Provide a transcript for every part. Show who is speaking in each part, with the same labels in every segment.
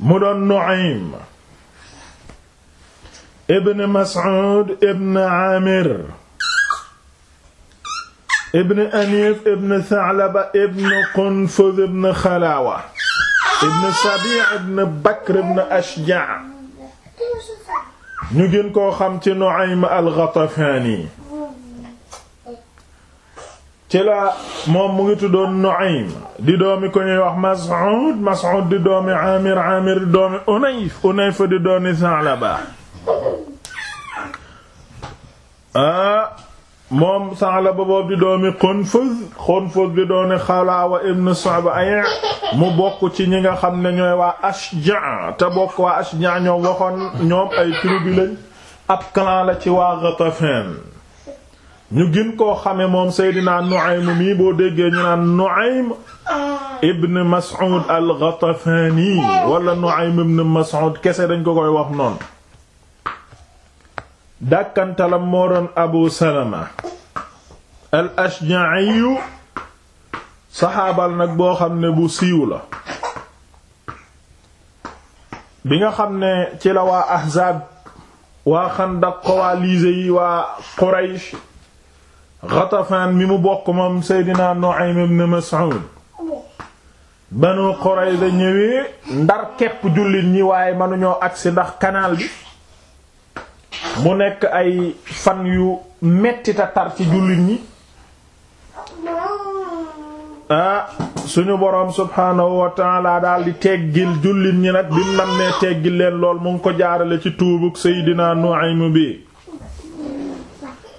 Speaker 1: mu doon Nu'aym ibn Mas'ud ibn Amir ibn Anif ibn Tha'laba ibn Qunfuz ibn Khalawa ibn Sabi' ibn Bakr ibn Ashja' ñu gën koo xam ci Nu'aym al-Ghatafani ci la moom mu ngi tuddoon Nu'aym di doomi ko ñuy wax Mas'ud Mas'ud di doomi Amir Amir di doomi Unayf Unayf di doomi Sa'laba ah, moom Sa'laba boobu di doomi Qunfuz Qunfuz di doomi Xalaawa ibn Sab'i mu bokk ci ñi nga xam ne ñooy waa Ashja' te bokk waa Ashja' ñoom waxoon ay tribu ab clan ci waa Ghatafan ñu gën koo xame moom Seydina Nu'aym mii boo déggee ñu naan Nu'aym ibn Mas'ud al-Ghatafani wala Nu'aym ibn Mas'ud kese dañ ko koy wax noon dàkkantalam moo doon Abu Salama al-Ashja'i saxaabal nag boo xam ne bu siiw la bi nga xam ne ci la waa Ahzaab waa Xandaq coalisés yi waa Quraysh Ghatafaan bi mu bokk moom Seydina Nu'aym ibn Mas'ud Banu Qurayza ñëwee ndar kepp jullit ñi waaye mënuñoo agsi ndax kanaal bi mu nekk ay fan yu mettita tar ci jullit ñi ah suñu boroom subhaanahu wa ta'ala daal di teggil jullit ñi nag bi mu teggil leen lool mu ngi ko jaarale ci tuubug Seydina Nu'aym bi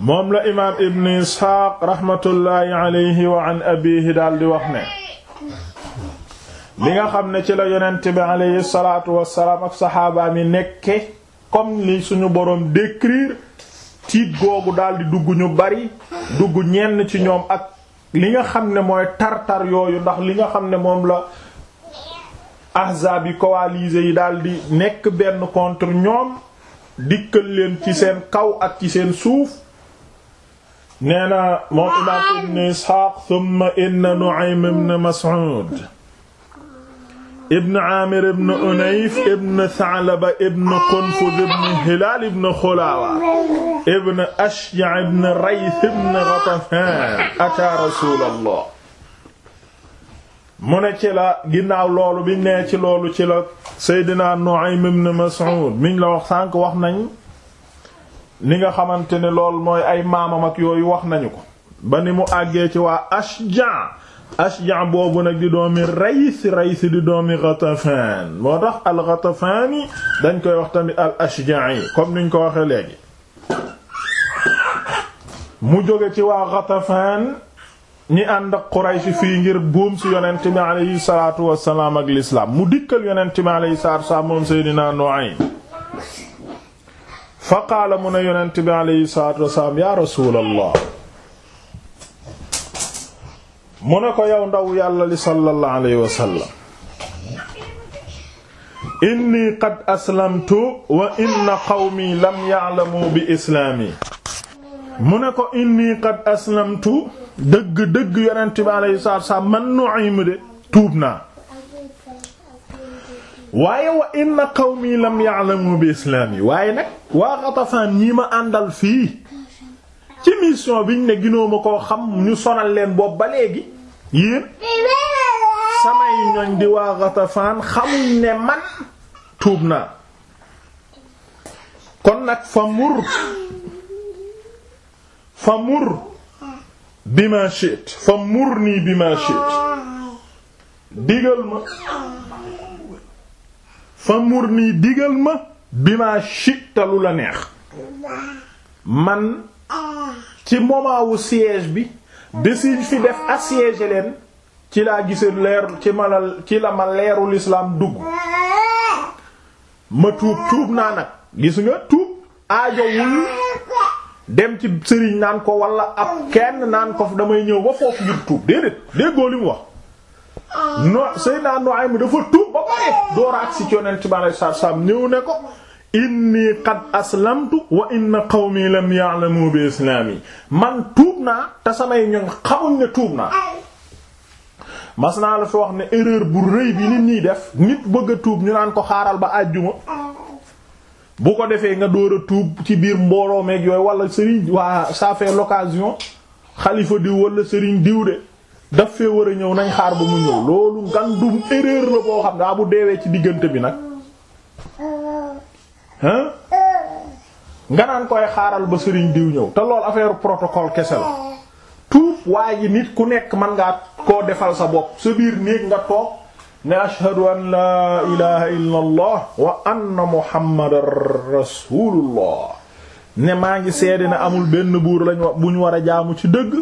Speaker 1: moom la imaam ibn isxaaq raxmatullaahi alayhi wa an abiihi daldi wax ne li nga xam ne ci la yonent bi alayhi salaatu wassalaam ak saxaabaam yi nekke comme li suñu boroom décrire tiit googu daldi dugg ñu bari dugg ñenn ci ñoom ak li nga xam ne mooy tartar yooyu ndax li nga xam ne moom la ahzaab yi coalisés yi daldi nekk benn contre ñoom dikkal leen ci seen kaw ak ci seen suuf nee na moom imaam ibn Isxaaq thumma inna Nu'aym ibn Mas'ud ibn Aamir ibn Unayf ibn Tha'laba ibn Qunfuz ibn Hilaal ibn Khulaawa ibn Ashja' ibn Rayth ibn Ghatafaan ataa Rasuulallah mu ne ci la ginnaaw loolu biñ nee ci loolu ci la Seydina Nu'aym ibn Mas'ud miñ la wax sànq wax nañ ni nga xamante ne lool mooy ay maamam ak yooyu wax nañu ko ba ni mu àggee ci waa Ashja Ashja boobu nag di doomi Rays Rays di doomi Ghatafan moo tax al Ghatafani dañ koy wax tamit al Ashja yi comme niñ ko waxee léegi mu jóge ci waa Ghatafan ñi ànd ak Quraysh fii ngir buum si yonent bi aleyhi salaatu wassalaam ak lislaam mu dikkal yonent bi aleyhi salaatu wassalaam moom Seydina Nu'aym fa qaala mu ne yonent bi alayhi salaatu wasalaam yaa rasuulallah mu ne ko yow ndaw yàlla li sallallahu alayhi wa sallam inni qad aslamtu wa inna qawmi lam ya'lamu bi islaami mu ne ko inni qad aslamtu dëgg dëgg yonent bi alayhi salaatu wasalaam man Nu'aym de tuub naa waaye wa inna qawmi lam ya'lamu bi islaam waaye nag waa Ghatafaan ñi ma àndal fii ci mission biñ ne ginoo ma koo xam ñu sonal leen boobu ba léegi yéen samay ñoñ di waa Ghatafaan xamuñ ne man tuub naa kon nag fa mur fa mur bima shi'ta fa mur nii bima shi'ta digal ma fa mur nii digal ma bi maa sittalu la neex man ci moment wu bi besiñ fi def assiégé leen ci laa gise leer ci la ci la ma leerul islaam dugg ma tuub tuub naa nag gis nga tuub aajowul dem ci sëriñ naan ko wala ab kenn naan ko damay ñëw ba foofu ngir tuub déedéet déggoo li mu wax no Seydina Nuaym dafa tuub pare door a agsi ci yonent bi alayhi salaatu ñëw ne ko inni qad aslamtu wa inna qawmi lam ya'lamu bi islaami man tuub naa te samay ñoñ xamuñ ne tuub naa mas naa la fi wax ne erreur bu rëy bi nit ñiy def nit bëgg tuub ñu naan ko xaaral ba àjjuma bu ko defee nga door a tuub ci biir mbooloo meek yooyu walla sëriñ waa ça fait l'occasion xalifa diw wala sëriñ diw de daf fee war a ñëw nañ xaar ba mu ñëw loolu ngandum erreur la boo xam daa ah bu deewee ci diggante bi nag hein nga naan koy xaaral ba sëriñ diw ñëw te lool affaire protocole kese la tuub waaye nit ku nekk mën ngaa koo defal sa bopp sa biir néeg nga toog ne ashhadu an laa ilaha illa wa anna muhammadar rasulullah ne maa ngi seede ne amul benn buur lañ bu war a jaamu ci dëgg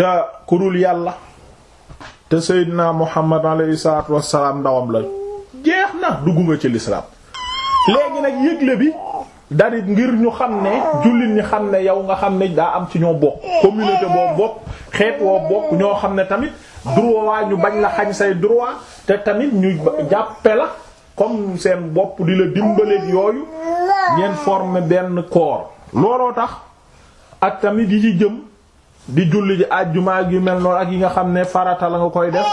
Speaker 1: te kurul yàlla te Seydina Muhammad alayhi salaatu wassalaam ndawam la jeex na dugg nga ci lislaam léegi nag yëgle bi darit ngir ñu xam ne jullit ñi xam ne yow nga xam ne daa am ci ñoo bokk communauté boo bokk xeet woo bokk ñoo xam ne tamit droit ñu bañ la xañ say droit te tamit ñu jàppe la comme seen bopp di la dimbaleeg yooyu ngeen forme benn corps looloo tax ak tamit yi ci jëm di julli ji àjjuma yu mel noonu ak yi nga xam ne farata la nga koy def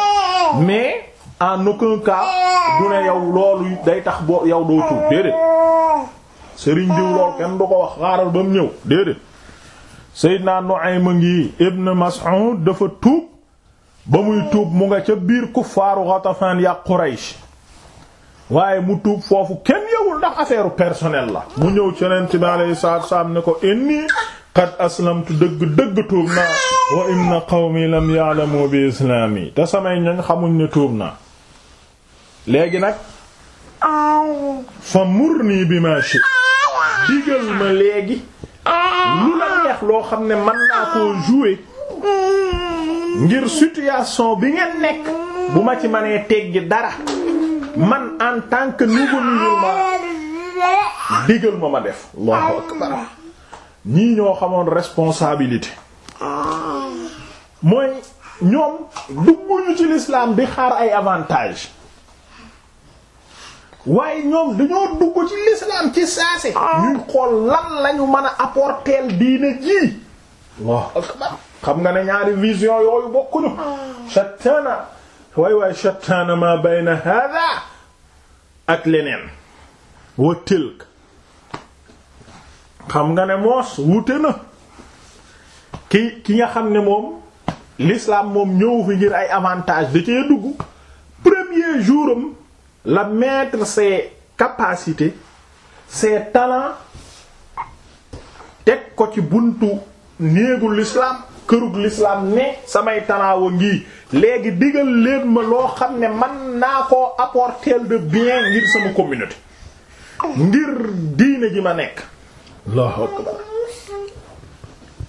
Speaker 1: mais en aucun cas du ne yow loolu day tax boo yow doo tuub déedéet sëriñ diw kenn du ko wax xaaral ba mu ñëw déedéet Seydina Nu'aym ngi Ibn Mas'ud dafa tuub ba muy tuub mu nga ca biir kuffaaru Ghatafan ya Quraysh waaye mu tuub foofu kenn yowul ndax affaire personnelle la mu ñëw ci Yonent bi alayhi salaatu ne ko inni qad aslamtu dëgg dëgg tuub naa wa inna qawmi lam ya'lamu bi islaami te samay ñoñ xamuñ ne tuub naa léegi nag fa murni bi ma shi digal ma léegi lu la neex loo xam ne mën naa koo jouer ngir situation bi ngeen nekk bu ma ci mënee teggi dara man en tant que nouveau musulman digal ma ma def Allahu akbar ñii ñoo xamoon responsabilité mooy ñoom dugguñu ci l'islam di xaar ay avantage waaye ñoom dañoo dugg ci l'islam ci saase ñuy xool lan lañu mën a apporter diine ji xam nga ne ñaari vision yooyu bokkuñu shattaana waay waay shattaana ma bayna hada ak leneen wa tilk xam nga ne moos wute na ki ki nga xam ne moom lislaam moom ñëw fi ngir ay avantage da cee dugg premier jour am la mettre ses capacités ses talents teg ko ci buntu néegu l'islam kërug l'islam ne samay talent wa ngi léegi digal leen ma loo xam ne man naa ko apporter de bien ngir sama communauté ngir diine ji ma nekk allahu akbar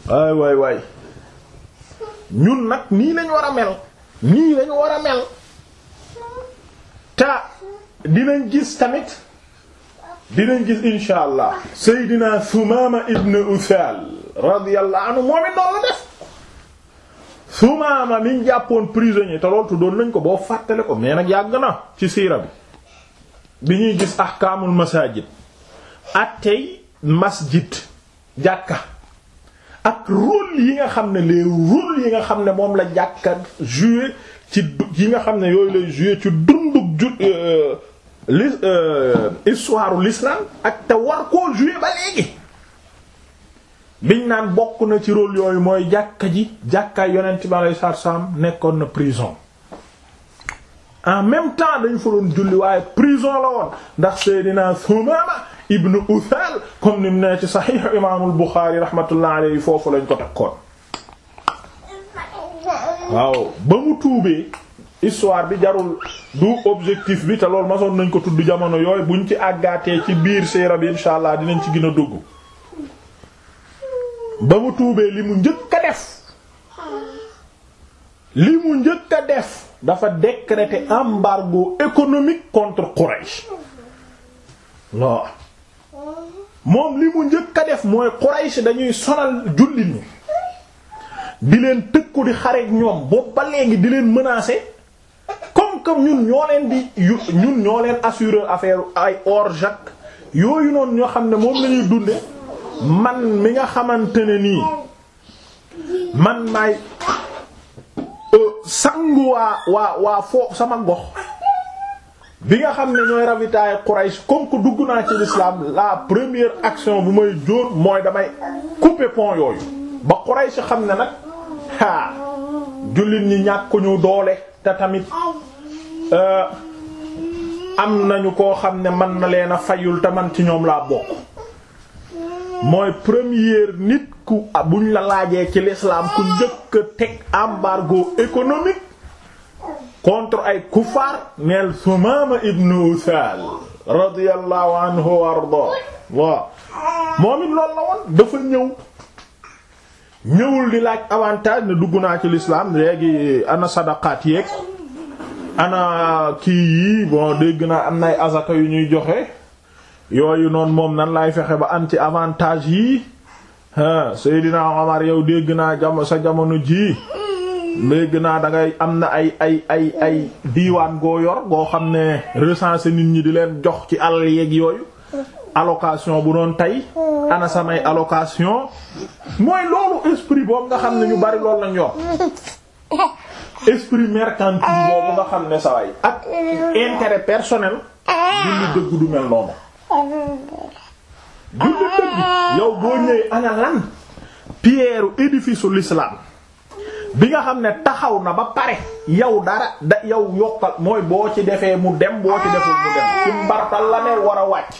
Speaker 1: waay waay waay ñun nag nii lañ war a mel nii lañ war a mel te dinañ gis tamit dinañ gis insha allah seydina Sumaama ibn Usaal radiyallahu anhu moom it def Sumaama miñ jàppoon prisonnier te loolu tuddoon nañ ko boo fàttale ko mais nag yàgg na ci siira bi bi ñuy gis ahkaamul masaajid attey masjid jàkka ak rôle yi nga xam ne les rôles yi nga xam ne moom la jàkka jouer ci yi nga xam ne yooyu lay jouer ci dundug ju euh, li euh, histoire l'islam ak te war koo jouer ba léegi biñ naan bokk na ci rôle yooyu mooy jàkka ji jàkkaay yonent bi alayhi salaatu salaam nekkoon na prison en même temps dañ fa doon julli waaye prison la woon ndax Seydina Sumaama ibnu uthal comme ni mu nee ci saxiixu imaamul buxaari rahmatullah alayhi foofu lañ ko takkoon waaw ba mu tuubee histoire bi jarul du objectif bi te loolu masoon nañ ko tudd jamono yooyu buñ ci àggaatee ci biir siira bi insha allah dinañ ci gën a dugg ba mu tuubee li mu njëkk a def li mu njëkk a def dafa décréter embargo économique contre Quraish waaw moom li mu njëkk a def mooy Quraysh dañuy sonal jullit ñi di leen tëkku di xareek ñoom boobu léegi di leen menacer comme que ñun ñoo leen di ñun ñoo leen assurer affaire ay or yooyu noonu ñoo xam ne moom la ñuy dunde man mi nga xamante ne nii man maay euh, sangu waa waa waa sama gox bi nga xam ne ñooy ravitailler Quraysh comme que dugg naa ci lislaam la première action bu may jóor mooy damay couper pont yooyu ba Quraysh xam ne nag haa jullit ñi ñàkkuñu doole te tamit euh, am nañu koo xam ne man na leen a fayul te man ci ñoom laa bokk mooy première nit ku ah, buñ la laajee ci l'islam ku njëkk a teg embargo économique contre ay kufaar neel Sumaama ibnu Usaal radiyallahu anhu wa ardaa moom it loolu la woon dafa ñëw ñëwul di laaj avantage ne dugg naa ci lislaam léegi ana sadaqaat yeeg ana kii yii bon dégg naa am na azaka yu ñuy joxe yooyu noonu moom nan laay fexe ba am ci avantage yii Seydina Omar yow dégg naa sa jamono jii léegi naa da am na ay ay ay ay diiwaan goo yor goo xam ne recenser nit ñi di leen jox ci alal yeeg yooyu allocation bu doon tey ana samay allocation mooy loolu esprit boobu nga xam ne ñu bari loolu lañ yor esprit mercantile boobu nga xam ak intérêt personnel dund dëgg du mel noonu dund dëgg yow boo ñëwee ana lan pierre édifice l'islam bi nga xam ne taxaw na ba pare yow dara da yow yokkal mooy boo ci defee mu dem boo ci deful mu dem ci la ne war a wàcc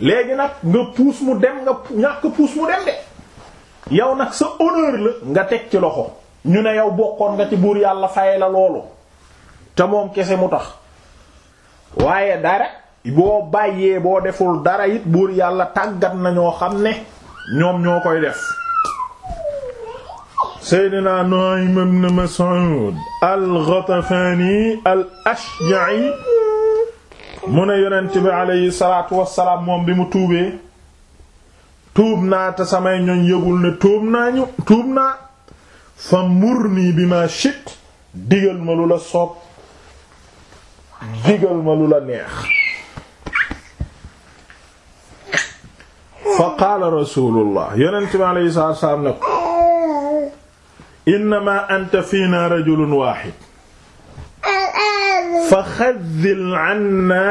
Speaker 1: léegi nag nga puus mu dem nga ñàkk puus mu dem de yow nag sa honneur la nga teg ci loxo ñu ne yow bokkoon nga ci buur yàlla faye la loolu te moom kese mu tax waaye dara boo bàyyee boo deful dara it buur yàlla tàggat na ñoo xam ne ñoom ñoo koy def seydina Nu'aym ibn Mas'ud al-Ghatafani al-Ashja'i mu ne yonent bi aleyhi salaatu wassalaam moom bi mu tuubee tuub naa te samay ñoñ yëgul ne tuub naa ñu tuub naa fa murni bi ma shit digal ma lu la soob digal ma lu la neex fa qaala rasulullah yonent bi aleyhi salaatu wassalaam ne ko innama anta fiina rajulun waaxid fa xaddil anna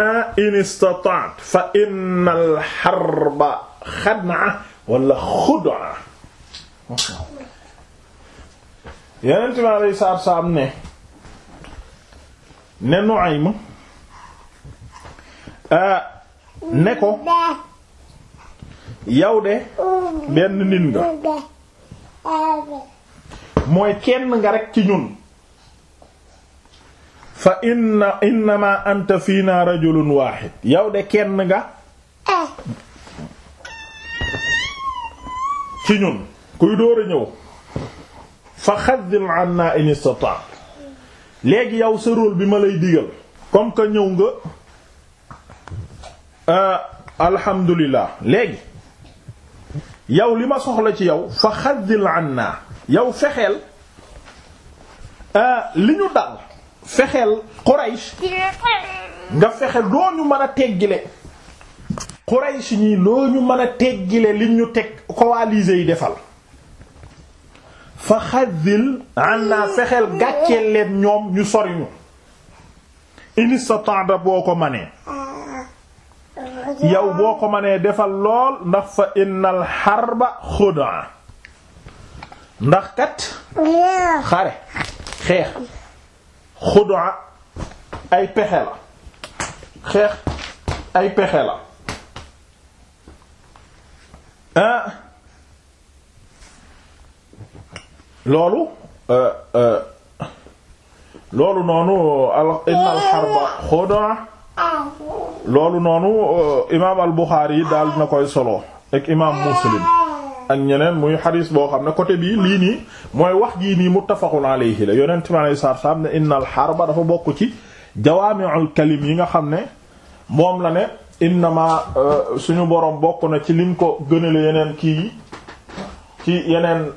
Speaker 1: in istata'ta fa inna al-harba xad'a wala xud'a yeneen tamit alayhi salaatu salaam ne ne Nu'aym ne ko yow de
Speaker 2: benn nit nga
Speaker 1: mooy kenn nga rek ci ñun fa inna innama anta fiina rajulun waaxid yow de kenn nga ci ñun kuy door a ñëw fa xaddil anna in istata léegi yow sa rôle bi ma lay digal comme que ñëw nga euh, alhamdulillah léegi yow li ma soxla ci yow fa xaddil anna yow fexeel euh, li ñu dal fexeel Quraysh nga fexe loo ñu mën a teggile Quraysh ñii loo ñu mën a teggile li ñu teg coalisés yi defal fa xaddil an naa fexeel gàcceel leen ñoom ñu soriñu inistataada boo ko manee yow boo ko manee defal lool ndax fa innal xarba xudaa ndax kat xare xeex xudaa ay pexe la xeex ay pexe la ah. loolu euh, euh, loolu noonu inna alxarba xudaa loolu noonu euh, imaam al Buxaari yi daal na koy solo ak imaam Muslim ak ñeneen muy xadis boo xam ne côté bii lii nii mooy wax gii nii mu muttafaqun alayhi la yonent mi alayhi salaatu salaam ne innal harba dafa bokk ci jawaami'ul kalim yi nga xam ne moom la ne innama euh, suñu boroom bokk na ci lim ko gënale yeneen kii yi ci yeneen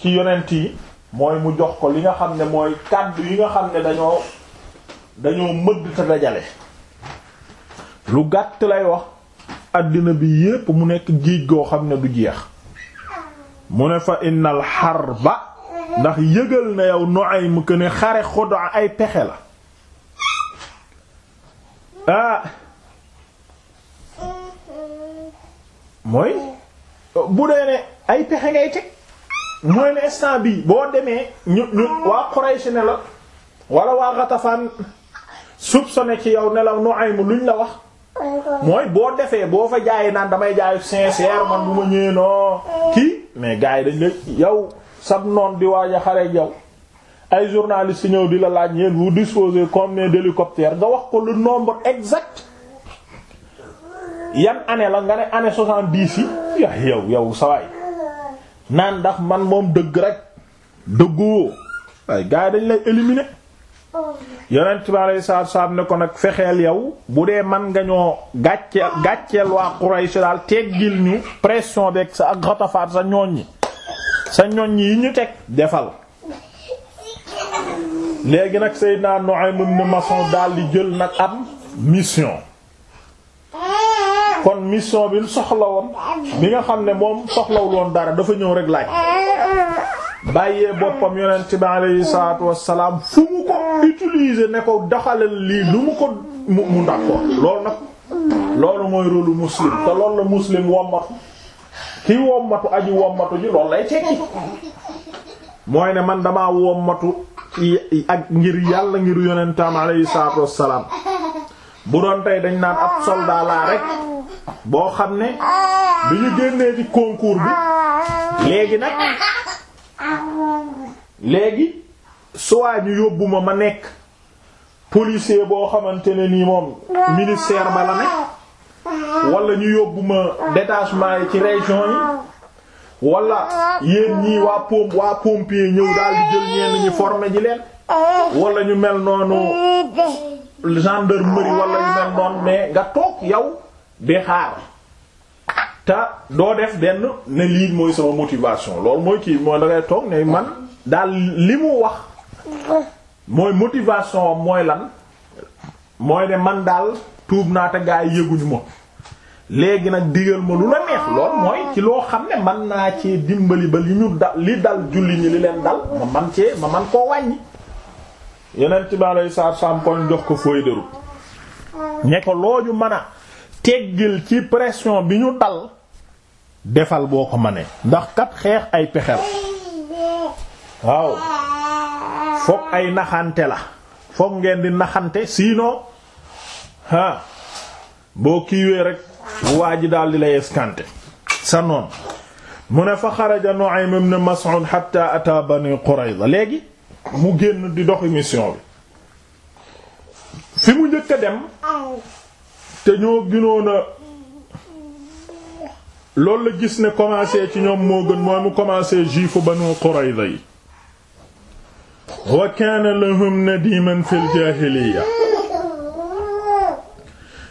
Speaker 1: ci yonent yi mooy mu jox ko li nga xam ne mooy kàddu yi nga xam ne dañoo dañoo mëdd te dajale lu gàtt lay wax àddina bi yépp mu nekk géej goo xam ne du jeex mu ne fa innal harba ndax yëgal na yow Nu'aym ko ne xare xudaa ay pexe la ah mooy bu dee ne ay pexe ngay teg mooy ne instant bii boo demee ñu ñu waa Quraysh ne la walla waa Ghatafan soupçonné ci yow ne la Nu'aym luñ la wax
Speaker 2: mooy boo defee
Speaker 1: boo fa jaayee naan damay jaay sincère man bu ma ñëwee noo kii mais gars yi dañ lay yow sab noon di waaj a xare yow ay journalistes ñëw di la laaj ñeen vous disposez combien d'hélicoptères nga wax ko le nombre exact yan année la nga ne année soixante-dix yi ya yow yow sawaay naan ndax man moom dëgg rek dëggoo waaye gars yi dañ lay éliminer yonent bi alayhi salaatu wassalaam ne ko nag fexeel yow bu dee man nga ñoo gàcceel gàcceel waa Quraysh daal teggil ñu pression beeg ak xatafaat sa ñoññi sa ñoññi yi ñu teg defal léegi nag Seydina Nu'aym ibn Mas'ud daal di jël nag am mission kon mission bi soxla woon bi nga xam ne moom soxlawul woon dara dafa ñëw rek laaj bàyyee boppam yonent bi aleyhi salaatu wassalaam fu mu ko utiliser ne ko doxalal lii lu mu ko mu mu d'accord loolu nag loolu mooy rôlu muslim te loolu la muslim wommatu ki wommatu aji wommatu ji loolu lay tekki mooy ne man damaa wommatu ak ngir yàlla ngir yonentam aleyhi salaatu wassalaam bu doon tey dañ naan ab soldat laa rek boo xam ne bi ñu génnee ci concours
Speaker 2: bi léegi nag
Speaker 1: léegi soit ñu yóbbuma ma nekk policier boo xamante ne nii moom ministère ba ne
Speaker 2: nekk ñu
Speaker 1: yóbbuma ma détachement yi ci région yi wala yéen ñii waa pompe waa pompier ñëw daal di jël ñenn ñi former ji leen wala ñu mel noonu gendarmerie wala ñu mel noonu mais nga toog yow di xaar. te doo def benn ne lii mooy sama motivation loolu mooy kii mooy da toog ne man daal li mu wax mooy motivation mooy lan mooy ne man daal tuub naa te gaa yi yëguñu ma léegi nag digal ma lu la neex lool mooy ci loo xam ne man naa cee dimbali ba li ñu dal li dal julli ñi li leen dal ma man cee ma man koo wàññi yeneen ci baa lay saar saam jox ko feuille de route ne ko teggil ci pression bi ñu dal defal boo ko mënee ndax kat xeex ay pexe la waaw fokk ay naxante la fokk ngeen di naxante sinon boo kiiwee rek waa ji daal di lay escanté sa noon mu ne fa xaraja Nu'aym ibn Mas'ud hatta ata Bani Qurayza léegi mu génn di doxi mission bi fi mu njëkk a dem te ñoo gënoon a loolu la gis ne commencé ci ñoom moo gën mooy mu commencé juifu Banu Qurayza yi wa kaana lahum nadiman fil jaahiliya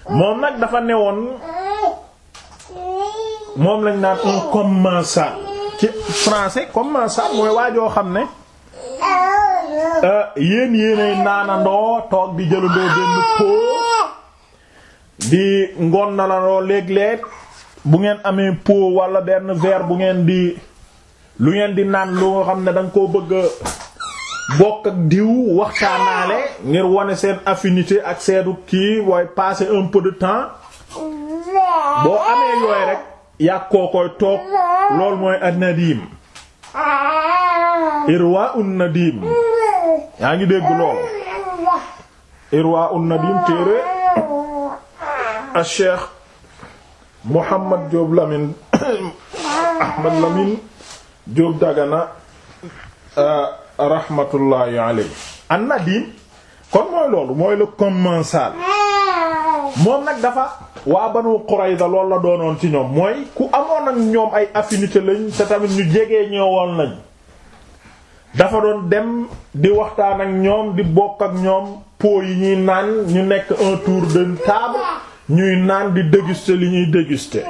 Speaker 1: moom nag dafa newoon moom lañ naan un commensal ci français commensal mooy waajoo xam ne euh, yéen yéenay naanandoo toog di jëlandoo
Speaker 2: benn po
Speaker 1: di ngoon na la loo léeg-léeg bu ngeen amee pot wala benn verre bu ngeen di lu ngeen di naan lu xam ne da ko bëgg bokk ak diw waxtaanaale ngir wane seen affinité ak seetu kii waaye passer un peu de temps
Speaker 2: boo amee yooyu rek
Speaker 1: yàkkoo koy toog loolu mooy an-nadim irwa un-nadim
Speaker 2: yaa ngi dégg lool
Speaker 1: irwa un-nadim téere a cheikh Mouhamad Diop Lamine
Speaker 2: Ahmad
Speaker 1: Lamine Diop Dagana euh, rahmatullahi alayhi an nadim kon mooy loolu mooy le commensal moom nag dafa waa Banu Qurayza loolu la doonoon ci ñoom mooy ku amoon ak ñoom ay affinité lañ te tamit ñu jege ñëwoon lañ dafa doon dem di waxtaan ak ñoom di bokk ak ñoom po yi ñuy naan ñu nekk un tour de table ñuy naan di déguster li ñuy déguster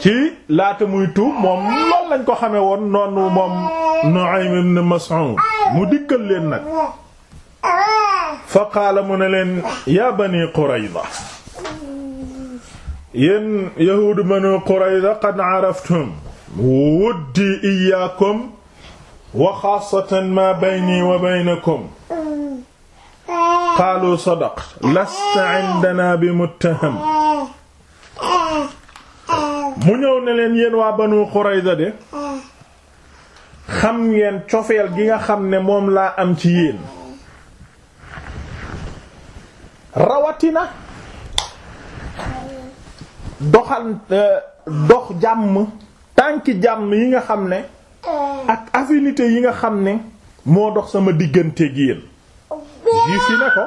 Speaker 1: ci laata muy tuub moom loolu lañ ko xamee woon noonu moom Nu'aym ibn Mas'ud mu dikkal leen nag fa qaala mu ne leen yaa bani Qurayza yéen yahuudu bani Qurayza qad araftum wuddii iyaakum wa xaasatan ma bayni wa baynakum qaalu sadaqta lasta indana bi muttaham mu ñëw ne leen yéen waa banu Qurayza de xam ngeen cofeel gi nga xam ne moom laa am ci yéen rawatina euh, dox jàmm tànki jàmm yi nga xam ne ak affinité yi nga xam ne moo dox sama diggante gi yéen juif yi ne ko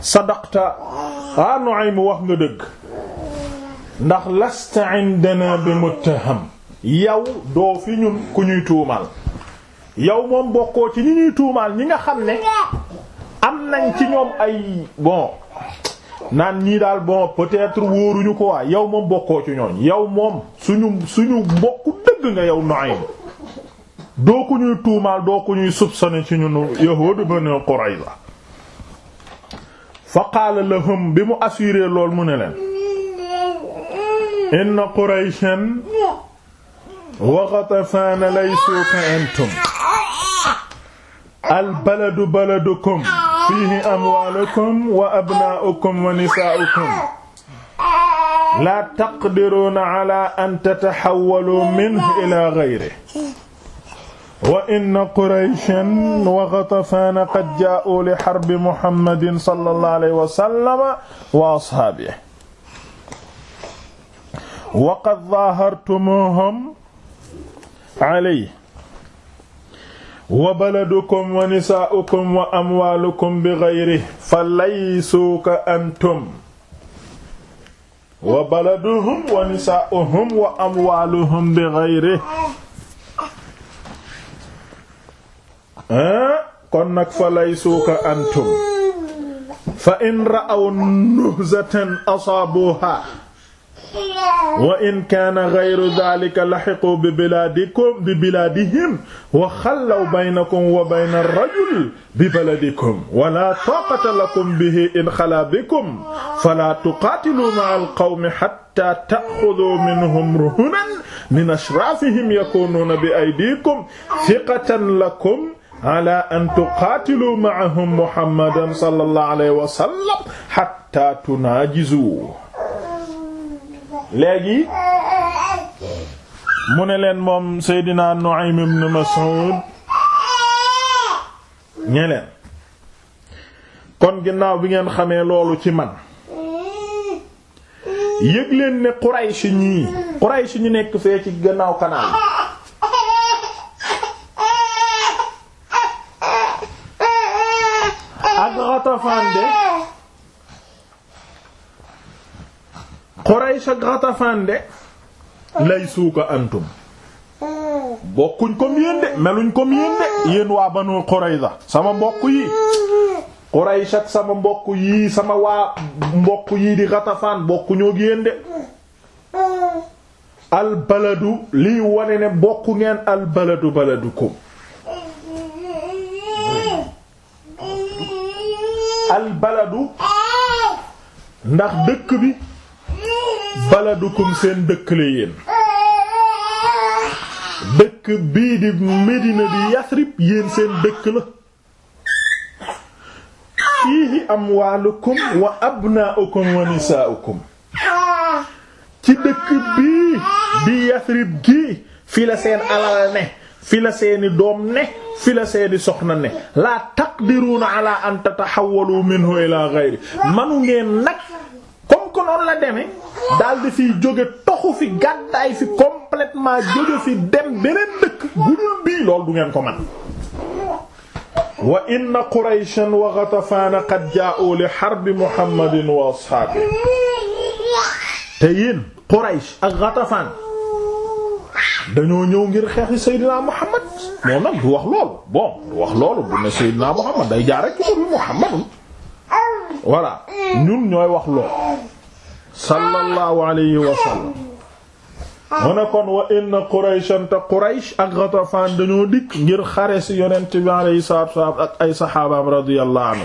Speaker 1: sadaqta a Nu'aym wax nga dëgg ndax lasta indana bi muttaham yow doo fi ñun ku ñuy tuumaal yow moom bokkoo ci ñi ñuy tuumaal ñi nga xam ne am nañ ci ñoom ay bon naan ñii daal bon peut wóoruñu ko waa yow moom bokkoo ci ñooñ yow moom suñu suñu mbokku dëgg nga yow Nu'aym doo ku ñuy tuumaal doo ku ñuy soupçonner ci ñun yahuud Banu Qurayza fa qaala lahum bi mu assuré lool mu ne leen inna qurayshan wa ghatafana laysu ka antum al baladu baladukum fiihi amwaalukum wa abnaa'ukum wa nisaa'ukum laa taqdiruuna ala an tatahawwalu minhu ilaa ghayrihi wa inna qurayshan wa ghatafana qad jaa'u li harbi muhammadin sallallahu alayhi wa sallam wa ashaabihi wa qad zaahartumuhum alayhi wa baladukum wa nisaa'ukum wa amwaalukum bighayrihi falaysu ka antum wa baladuhum wa nisaa'uhum wa amwaaluhum bighayrihi kon nag fa laysu ka antum fa in ra'aw nuhzatan asaabuha wa in kaana ghayru dhalika lahiqu bi biladikum bi biladihim wa khallaw baynakum wa bayna ar-rajul bi baladikum wa la taqata lakum bihi in khala bikum fala tuqatilu ma'a al-qawmi hatta ta'khudhu minhum ruhunan min ashrafihim yakununa bi aydikum thiqatan lakum ala an tuqaatilu ma'ahum muhammadan sallallahu alayhi wa sallam hatta léegi mu ne leen moom Seydina Nu'aym ibn Mas'ud ñe kon ginnaaw bi ngeen xamee loolu ci man yëg leen ne Quraysh ñii Quraysh ñu nekk fee ci gannaaw kanaan Ghatafan de Quraysh ak Ghatafan de laysuuka antum bokkuñ comme yéen de meluñ comme yéen de yéen waa Banu Qurayza sama mbokk yi Quraysh ak sama mbokk yi sama waa mbokk yi di Ghatafan bokkuñoo ak yéen de albaladu liy wane ne bokku ngeen albaladu baladukum al baladu ndax dëkk bi baladukum seen dëkk la yéen dëkk bii di Medina di Yasrib yéen seen dëkk la fii amwaalukum wa abnaa'ukum wa nisaa'ukum ci dëkk bii di Yasrib gii fi la seen alal ne fi la seeni doom ne fi la seeni soxna ne laa taqdiruuna ala an tatahawwalu minhu ila ghayri manu ngeen nag comme que noonu la demee daal di fiy jóge toxu fi gàddaay fi complètement jóge fi dem beneen dëkk bu dul bii loolu du ngeen ko man wa inna qurayshan wa ghatafana qad jaa'u li harbi muhammadin wa ashaabihi te yéen quraysh ak ghatafan dañoo ñëw ngir xeexi Seydina Muhammad moom nag du wax loolu bon du wax loolu bu ne Seydina Muhammad day jaar rek
Speaker 2: ci turu Muhammad
Speaker 1: voilà ñun ñooy wax lool sallallahu alayhi wa sallam mu ne kon wa inna Qurayshan Quraysh ak Ghatafan dañoo dikk ngir xare ci yonent bi alayhi salaatu wassalaam ak ay saxaabaam radiyallahu anhu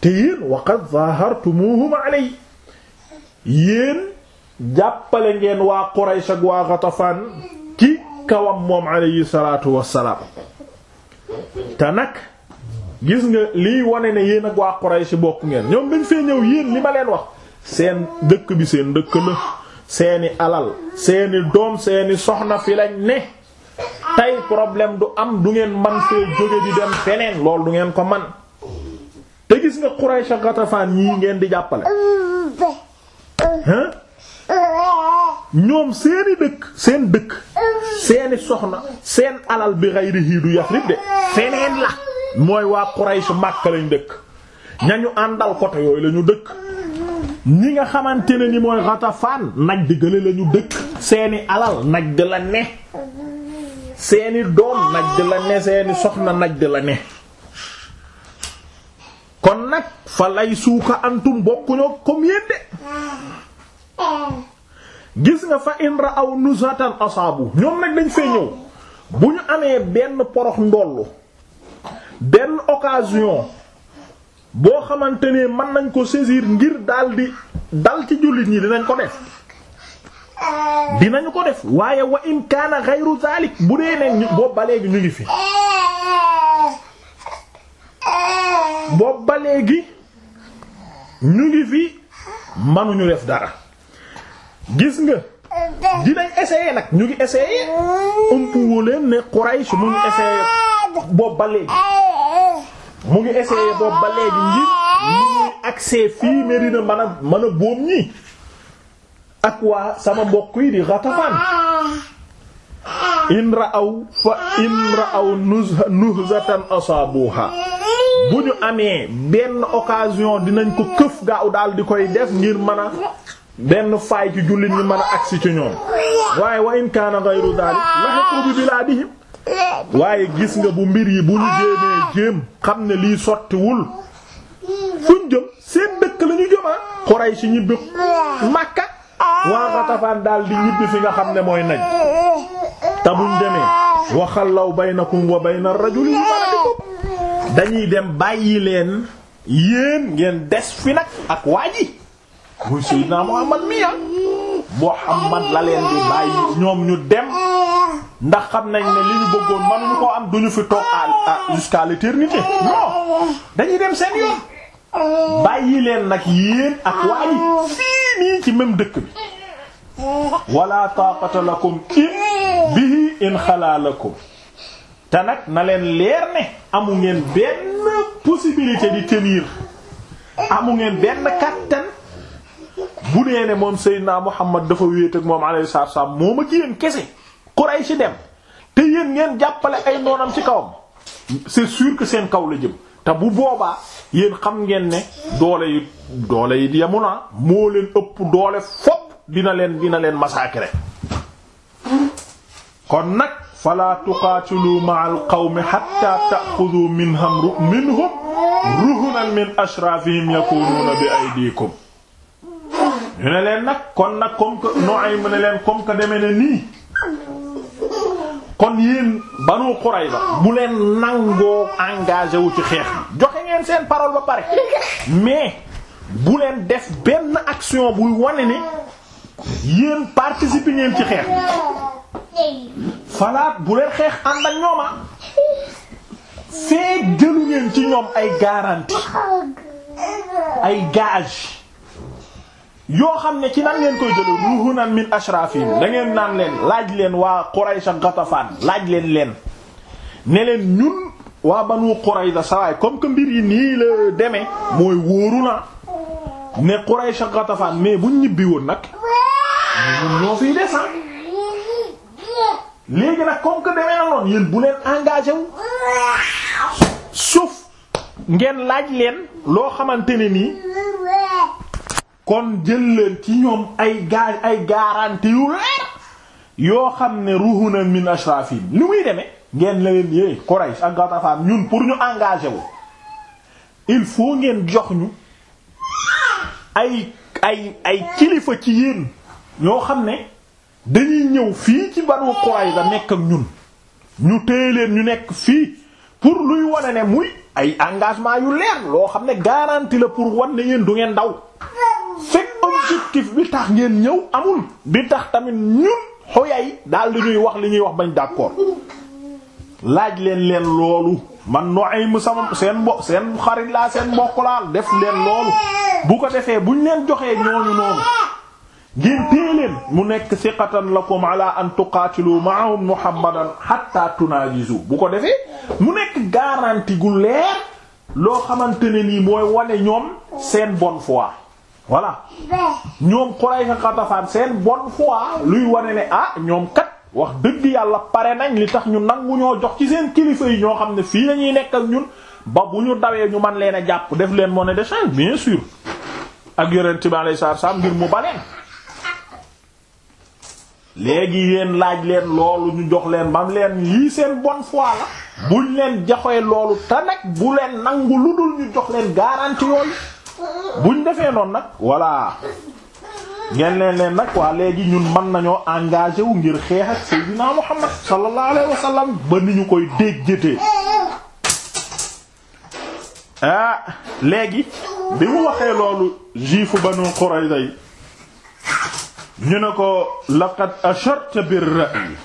Speaker 1: te yéen wa qad zaahartumuuhum alayhi yéen jàppale ngeen Quraysh ak waa Ghatafan kawam moom alayhi salaatu wassalaam te nag gis nga liy wane ne yéen ak waa Quraysh bokk ngeen ñoom dañ fee ñëw yéen li ma leen wax seen dëkk bi seen dëkk la seeni alal seeni doom seeni soxna fi lañ ne tey problème du am du ngeen man fee jóge di dem feneen loolu du ngeen ko man te gis nga Quraysh Ghatafan ñii ngeen di jàppale hein ñoom seeni dëkk seen dëkk seeni soxna seen alal bi ghayrihi du Yasrib de feneen la mooy waa Quraysh Makka lañ dëkk ñañu àndal côté yooyu lañu dëkk ñi nga xamante ne ni mooy Ghatafan naj di gële lañu dëkk seeni alal naj di la ne seeni doom naj di la ne seeni soxna naj di la ne kon nag fa lay suuka antum bokkuñoo comme yéen de gis nga fa in aw nuzatan asaabu ñoom nag dañ fee ñëw bu ñu amee benn porox ndollu benn occasion boo xamante ne mën nañ ko saisir ngir daldi dal ci jullit ñi dinañ ko def dinañu ko def waaye wa in kaana ghayru bu dee ne boobu ba ñu ngi fi boobu ba léegi ñu ngi fi mënuñu def dara gis nga dinañ essayer nag ñu ngi essayer umpuwoo leen ne Quraysh mu ngi essayer boobu ba léegi mu ngi essayer boobu ngir ñu
Speaker 2: ngi
Speaker 1: accès fii Medina mën a boom ñi ak waa sama mbokk yi di Ghatafan in ra'aw fa in ra'aw nuhzatan asabuha bu ñu amee benn occasion dinañ ko këf gaaw daal di koy def ngir mën benn faay ci jullit ñi mën a agsi ci ñoom waaye wa in kaana ghayru dalik lahiqu bi bilaadihim waaye gis nga bu mbir yi bu ñu jéemee jéem xam ne lii sottiwul fuñ jëm seen dëkk la ñu jëmaa ah. Quraysh ñibbi Makka waa Ghatafaan daal di ñibbi fi nga xam ne mooy naj te buñ demee wa xallaw baynakum wa bayna rajuli dañuy dem bàyyi leen yéen ngeen des fi nag ak waa ji muy Seydina Muhammad mi ya Muhammad la leen di bàyyi ñoom ñu dem ndax xam nañ ne li ñu bëggoon mënuñu ko am duñu fi toog à jusqu'à l'éternité
Speaker 2: non dañuy dem seen yoon
Speaker 1: bàyyi leen nag yéen ak waaye fii nii ci même dëkk bi wala taqata lakum bihi in xalaa te nag na leen leer ne amu ngeen benn possibilité di tenir amu ngeen benn kattan bu nee ne moom Seydina Muhammad dafa wéet moom alayhi salaatu wassalaam moo ma ci yéen kese Quraysh dem te yéen ngeen jàppale ay noonam ci kawam c'est sûr seen kaw la jëm te bu boobaa yéen xam ngeen ne doole yi doole yi yamu naa ah. moo leen ëpp doole fopp dina leen dina leen massacrer kon nag fala tuqaatilu ma'al qawmi hatta ta'khudhu minhum minhum ruhnan min ashrafihim yakununa bi aydikum ñu ne leen nag kon nag comme que Nu'aym mu ne leen comme que demee ne nii kon yéen Banu ba bu leen nangoo engagé wu ci xeex bi joxe ngeen seen parole ba pare mais bu leen def benn action buy wane ni yéen participer ngeen ci xeex bi falaat bu leen xeex ànd ak ñooma ah. fee jëlu ngeen ci ñoom ay garantie ay gaaj yoo xam ne ci nan ngeen koy jëlee ruhunan min ashrafihim da ngeen naan leen laaj leen waa Quraysh sa Ghatafan laaj leen leen ne leen ñun waa Banu la sawaay comme que mbir yi nii la demee mooy wóoru na ne Quraysh ak Ghatafan mais buñ ñibbi woon nag
Speaker 2: ñun ah.
Speaker 1: léegi nag comme que demee na noonu yéen bu leen engagé wu ngeen laaj leen loo xamante ne nii kon jël leen ci ñoom ay gaa ay garantie yu leer yoo xam ne ruhuna min ashrafin li muy demee ngeen la leen yee Quraysh ak Ghatafan ñun pour ñu engagé wu il faut ngeen jox ñu ay ay ay kilifa ci yéen ñoo xam ne dañuy ñëw fii ci Banu Qurayza nekk ak ñun ñu téye leen ñu nekk fii pour luy wane ne muy ay engagement yu leer loo xam ne garanti la pour wan ne yéen du ngeen daw fekk objectif bi tax ngeen ñëw amul bi tax tamit ñun xoyay daal li ñuy wax li ñuy wax bañ d'accord laaj leen leen loolu man no ay mu seen mbo seen xarit laa seen mbokk laa def leen loolu bu ko defee buñ leen joxee ñooñu noonu ngeen téye leen mu nekk siqatan lakum ala an tuqaatilu ma'ahum muhammadan hatta tunajizu bu ko defee mu nekk garantie gu leer loo xamante ne nii mooy wale ñoom seen bonne foi voilà ñoom Quraysh Xatafaan seen bonne foi luy wane ne ah ñoom kat wax dëgg yàlla pare nañ li tax ñu nangu ñoo jox ci seen kilifa yi ñoo xam ne fii lañuy nekk ak ñun ba bu ñu dawee ñu man leen a jàpp def leen monnaie de change bien sûr ak yonent bi alayhi salaatu salaam ngir mu baleen léegi yéen laaj leen loolu ñu jox leen bam leen lii seen bonne foi la buñ leen joxee loolu te nag bu leen nangu lu dul ñu jox leen garantie yooyu bu ñu defee noonu nag voilà ngeen leen leen nag waa léegi ñun mën nañoo engagé wu ngir xeex ak Seydina Muhammad sallallahu alayhi wa sallam ba ni ñu koy déggatee ah, léegi bi mu waxee loolu juifu Banu Qurayza yi ñu ne ko laqad asharta biir ra'yi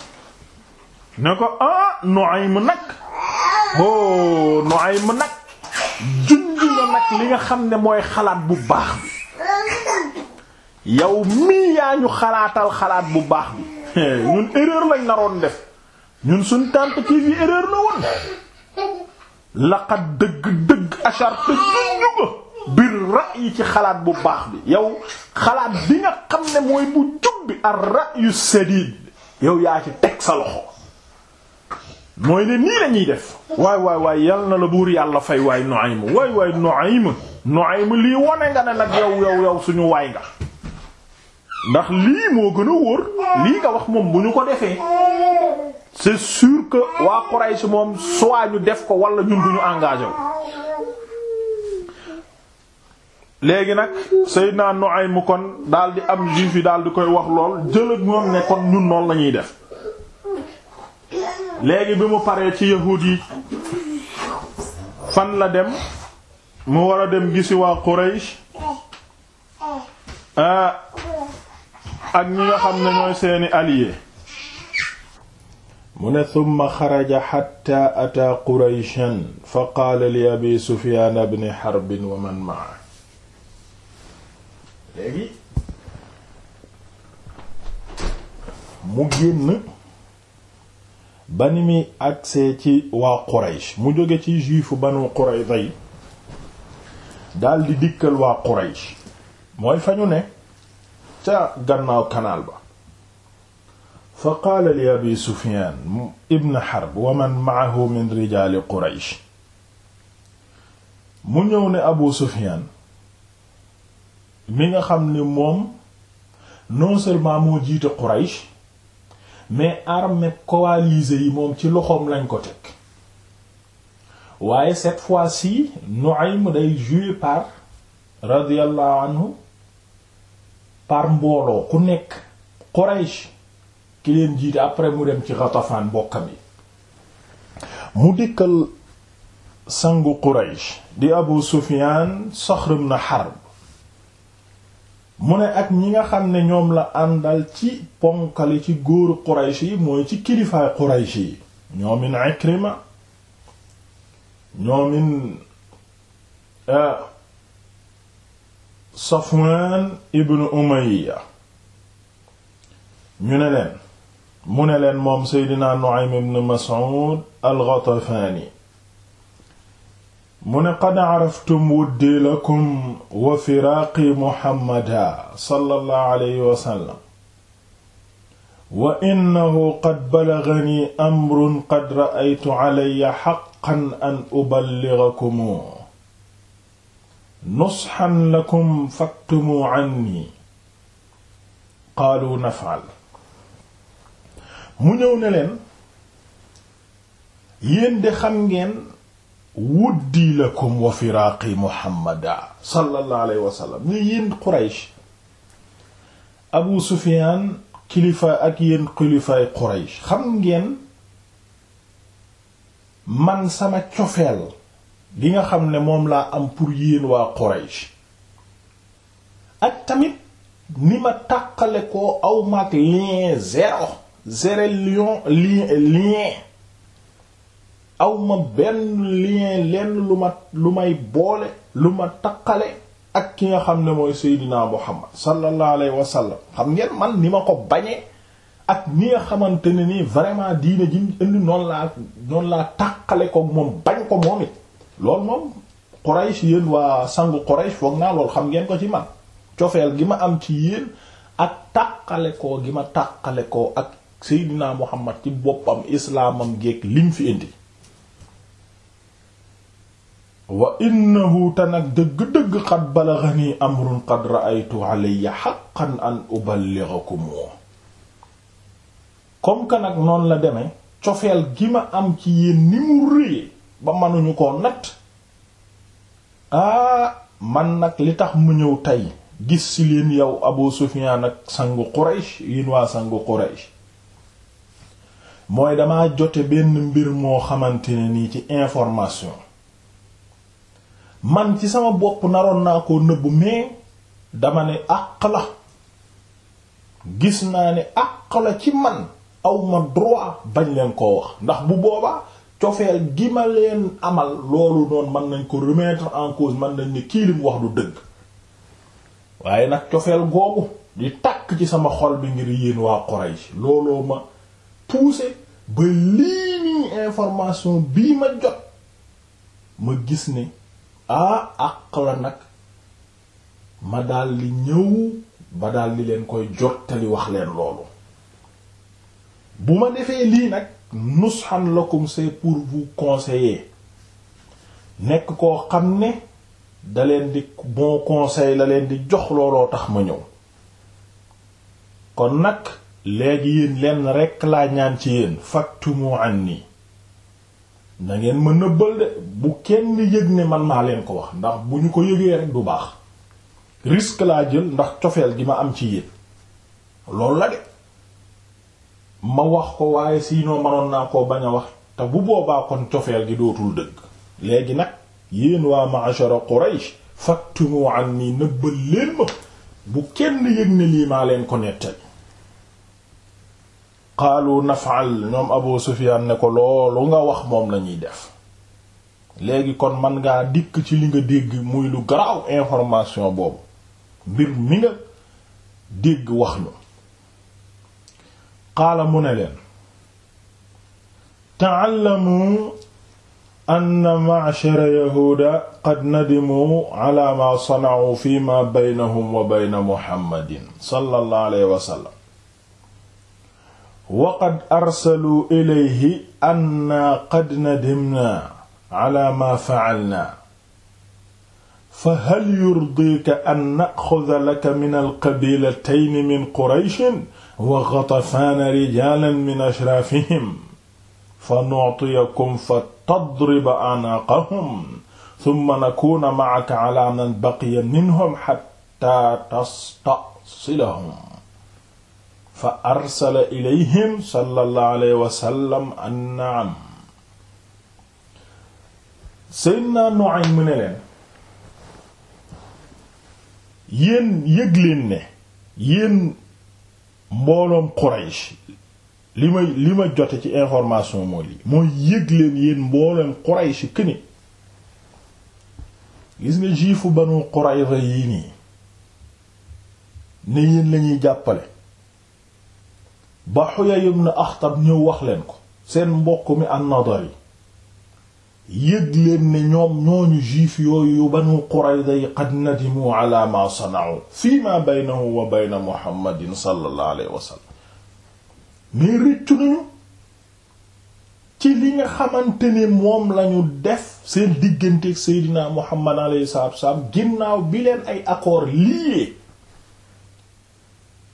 Speaker 1: ne ko ah Nu'aym nag oh Nu'aym nag nag li nga xam ne mooy xalaat bu baax bi yow mii yaa ñu xalaatal xalaat bu baax bi ñun erreur lañ naroon def ñun suñ tentative yi erreur la woon laqad dëgg dëgg achar te junjuga bir ra'yi ci xalaat bu baax bi yow xalaat bi nga xam ne mooy bu jub bi ar ra'yu sadid yow yaa ci teg sa loxo mooy ne nii la def waay waay waaye yal na la buur yàlla fay waay Nuaym waay waay Nuaym Nuaym lii wone nga ne nag yow yow yow suñu waay nga ndax lii moo gën a wóor lii nga wax moom bu ñu ko defee c'est sûr que waa Quraysh moom soit ñu def ko wala ñun duñu engagé
Speaker 2: wu
Speaker 1: léegi nag Seydina Nuaym kon daal di am juif yi daal di koy wax lool jëlëg ñoom ne kon ñun noonu la ñuy def léegi bi mu paree ci yahuud yi fan la dem mu war a dem gisi waa Quraysh ah, ak ñi nga xam ne mooy seeni alliés mu ne thumma xaraja xatta ataa qurayshan fa qaala li abi sufyaan ibn harb wa man ma'a mu génn ba ni muy agsee ci waa Quraysh mu jóge ci juifu banu Qurayza yi dikkal waa Quraysh mooy fa ñu ne ca gannaaw kanaal ba fa qaala li abi Sufyaan ibn Harb wa man ma'ahu min rijaali Quraysh mu ñëw ne Abu Sufyaan mi nga xam ni moom non seulement moo jiite Quraysh mais armée coalisée yi moom ci loxoom lañ ko teg waaye cette fois-ci Nuaym day joué par radiyallahu anhu par mbooloo ku nekk Quraysh ki leen jiite après mu dem ci Ghatafan bokkam yi mu dikkal sangu Quraysh di Abu Sufyan Saxr ibn xar mu ne ak ñi nga xam ne ñoom la àndal ci ponkali ci góoru Quraysh mooy ci kilifaay Quraysh yi ñoomin Ikrima ñoomin euh, Safwan ibn Umayya ñu ne leen mu ne leen moom Seydina Nu'aym ibn Mas'ud al-Ghatafani mu ne qad araftum wuddii lakum wa firaaqi muhammada sallallahu alayhi wa sallam wa innahu qad balaganii amrun qad ra'aytu calayya xaqan an uballigakumu nusxan lakum faktumuu canni qaalu nafcal mu ñëw ne leen yéen de xam ngeen wuddi lakum wa firaaqi muhammada sallallahu alayhi ni yéen Quraysh Abu Sufyaan kilifa ak yéen kilifaay Quraysh xam ngeen man sama cofeel gi nga xam ne moom laa am pour yéen waa Quraysh ak tamit ni ma tàqale koo aw maag lien zéro zéro lien lien aw ma benn lien lenn lu ma lu may boole lu ma taqale ak ki nga xam ne mooy Seydina Muhammad sallallahu alayhi wa sallam xam ngeen man ni ma ko bañee ak ni nga xamante ne nii vraiment diine ji indi noon laa noonu laa taqale ko moom bañ ko moom it loolu moom Quraysh yéen waa sangu Quraysh foog naa loolu xam ngeen ko ci man cofeel gi ma am ci yéen ak taqale ko gi ma taqale ko ak Seydina Muhammad ci boppam islaamam géeg lim fi indi wa innahu te nag dëgg-dëgg xad balaghani amrun qad ra'aytu alayya haqqan an uballighakum comme que nag noonu la deme cofeel gi ma am ci yéen ni mu réye ba mënuñu koo natt aa ah, man nag li tax mu ñëw tey gis ci leen yow Abu Sufyaan ak sangu Quraysh yéen waa sangu Quraysh mooy dama jote benn mbir moo xamante ne nii ci information man ci sama bopp naroon naa koo nëbb mais dama ne àq la gis naa ne àq la ci man awma droit bañ leen koo wax ndax bu boobaa cofeel gi ma leen amal loolu noonu mën nañ ko remettre en cause mën nañ ne kii lim wax du dëgg waaye nag cofeel googu di takk ci sama xol bi ngir yéen waa Quraysh looloo ma poussé ba lii nii information bii ma jot ma gis ne ah àq la nag ma daldi ñëw ba daldi leen koy jottali wax leen loolu bu ma defee lii nag nusxan lakum c'est pour vous conseiller nekk koo xam ne da leen di bon conseil la leen di jox looloo tax ma ñëw kon nag léegi yéen leen rekk laa ñaan ci yéen faktumu anni na ngeen ma nëbbal de bu kenn yëg ne man maa leen ko wax ndax bu ñu ko yëgee rek du baax risque laa jël ndax cofeel gi ma am ci yéen loolu la de ma wax ko waaye sinon manoon naa ko bañ a wax te bu boobaa kon cofeel gi dootul dëgg léegi nag yéen waa ma'ashara Quraysh fattumu anni nëbbal leen ma bu kenn yëg ne lii maa leen ko nettali qaalu nafal ñoom Abu Sufyan ne ko loolu nga wax moom lañuy def léegi kon man ngaa dikk ci li nga dégg muy lu garaaw information boobu mbir mi nga dégg wax ñu qaala mu ne leen ta'allamu anna ma'shara yahuuda qad nadimu ala ma sana'u fi ma wa bayna muhammadin sallallahu alayhi waqad arsaluu ilayhi anna qad nadimna ala ma fa'alna fa hal yurdika an naxuda laka min alqabilatayni min qurayshin wa gatafaana rijalan min ashraafihim fa nuctiyakum fa tadriba anaaqahum summa nakuuna macaka ala man baqiya minhum xatta tastas'ilahum fa arsala ilayhim sallallahu alayhi wa sallam annaam Seydina Nu'aym mu ne leen yéen yëg leen ne yéen mbooloom Quraysh li may li ma jote ci information mooy lii mooy yëg leen yéen mbooloom Quraysh këni gis nga juifu Banu Qurayza yii nii ne yéen lañuy jàppale ba Huyay ibn Akhtab ñëw wax leen ko seen mbokk mi an-Nadari yëg leen ne ñoom ñooñu juif yooyu yu Banu Qurayza yi qad nadimu ala ma sana'u fii ma baynahu wa bayna Muhammadin sallallahu alayhi wa sallam nañu ci li nga xamante ne moom lañu def seen diggante ak Seydina Muhammad alayhi salaam ginnaaw bi leen ay accord lii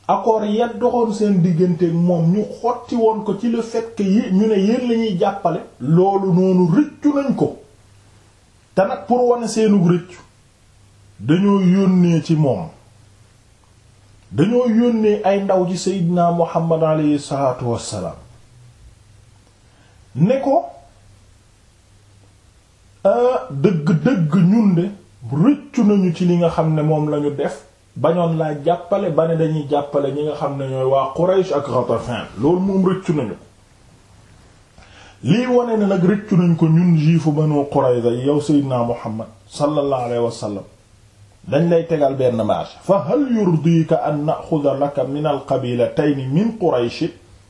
Speaker 1: accord ya seen diggante moom ñu xotti woon ko ci le fait yi ñu ne yéen lañuy jàppale loolu noonu rëccu nañ ko te pour wane seenug rëccu dañoo yónnee ci moom dañoo yónnee ay ndaw ci seydinaa muhammad alayhi salaatu wassalaam ne ko euh, dëgg-dëgg ñun de rëccu nañu ci li nga xam ne moom lañu def bañoon laa jàppale ba ne dañuy jàppale ñi nga xam ne ñooy waa Quraysh ak Ghatafan loolu moom rëccu nañu lii wane ne nag rëccu nañ ko ñun juifu Banu Qurayza yow Seydina Muhammad sallallahu alayhi wa sallam dañ lay tegal benn marché fa hal yurdika an na'khudha laka min al min Quraysh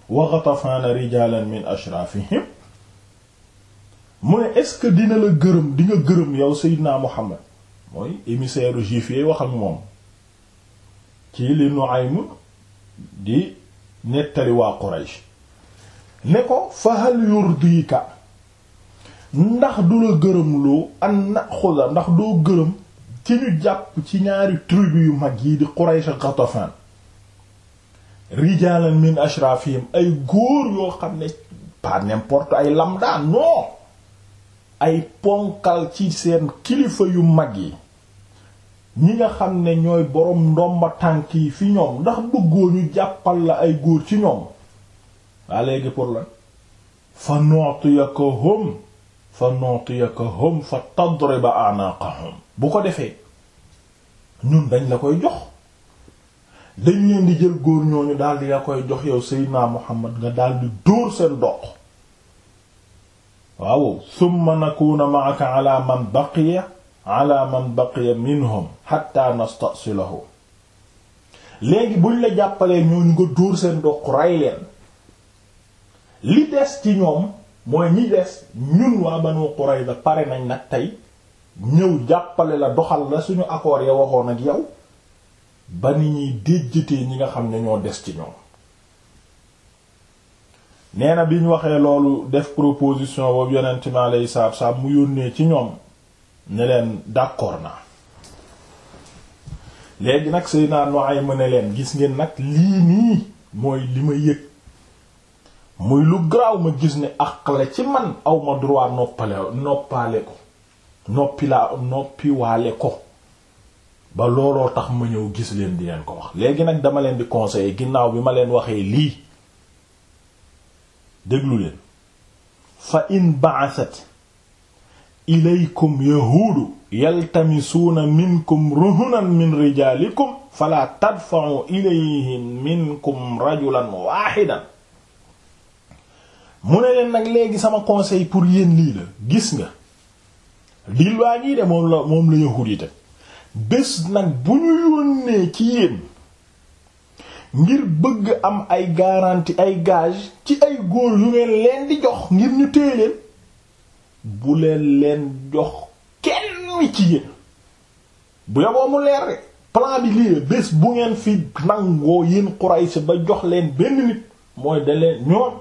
Speaker 1: wa Ghatafan rijalan min ashrafihim mu ne est-ce que dina la gërëm di gërëm yow Seydina Muhammad mooy émissaire juif yi wax ak moom ci li Nuaym di nettali waa Quraysh ne ko fahal yurdika ndax du la gërëm loo an naxuda ndax doo gërëm ci ñu jàpp ci ñaari tribu yu mag yi di Quraysh ak Ghatafan rijalan min ay góor yoo xam ne pas n'importe ay lambda non ay ponkal ci seen kilifa yu mag yi ñi nga xam ne ñooy boroom ndomba tànk yi fi ñoom ndax bëggoo ñu jàppal la ay góor ci ñoom waa léegi pour lan fa nu'tiyakahum fa nu'tiyakahum fa tadriba a'naqahum bu ko defee ñun dañ la koy jox dañ leen di jël góor ñooñu daal la koy jox yow Seydina Muhammad nga daal di dóor seen doq waaw summa nakuna ma'aka baqiya ala man baqiya minhum hatta nastasilahu léegi buñ la jàppalee ñooñu nga dóor seen doq rey leen li des ci ñoom mooy ñi des ñun pare nañ nag tey ñëw jàppale la doxal la suñu accord ya waxoon ak yow ba ni ñuy déjjatee ñi nga xam ne ñoo des ci ñoom nee na ñu waxee loolu def proposition boobu yonent mi alayhi salaatu salaam mu yónnee ci ñoom ne leen d'accord na léegi nag Seydina Nuaym ne leen gis ngeen nag lii nii mooy li ma yëg muy lu garaaw ma gis ni àq ci man aw ma droit noppale noppaale ko noppi laa noppiwaale ko ba looloo tax ma ñëw gis leen di leen ko wax léegi nag dama leen di conseiller ginnaaw bi ma leen waxee lii déglu leen fa in ba'athat ilaykum yahuudu yaltamisuuna minkum ruhunan min rijaalikum falaa tadfa'u ilayhim minkum rajulan waahidan mu ne leen nag léegi sama conseil pour yéen lii la gis nga dil waa ñii de moom la moom la yahuud yi te bés nag bu ñu yónnee ci yéen ngir bëgg am ay garantie ay gaaj ci ay góor yu ngeen leen di jox ngir ñu téye leen bu leen leen jox kenn ci yéen bu yeboo mu leer rek plan bi lii bés bu ngeen fi nangoo yéen Quraysh ba jox leen benn nit mooy da leen ñoom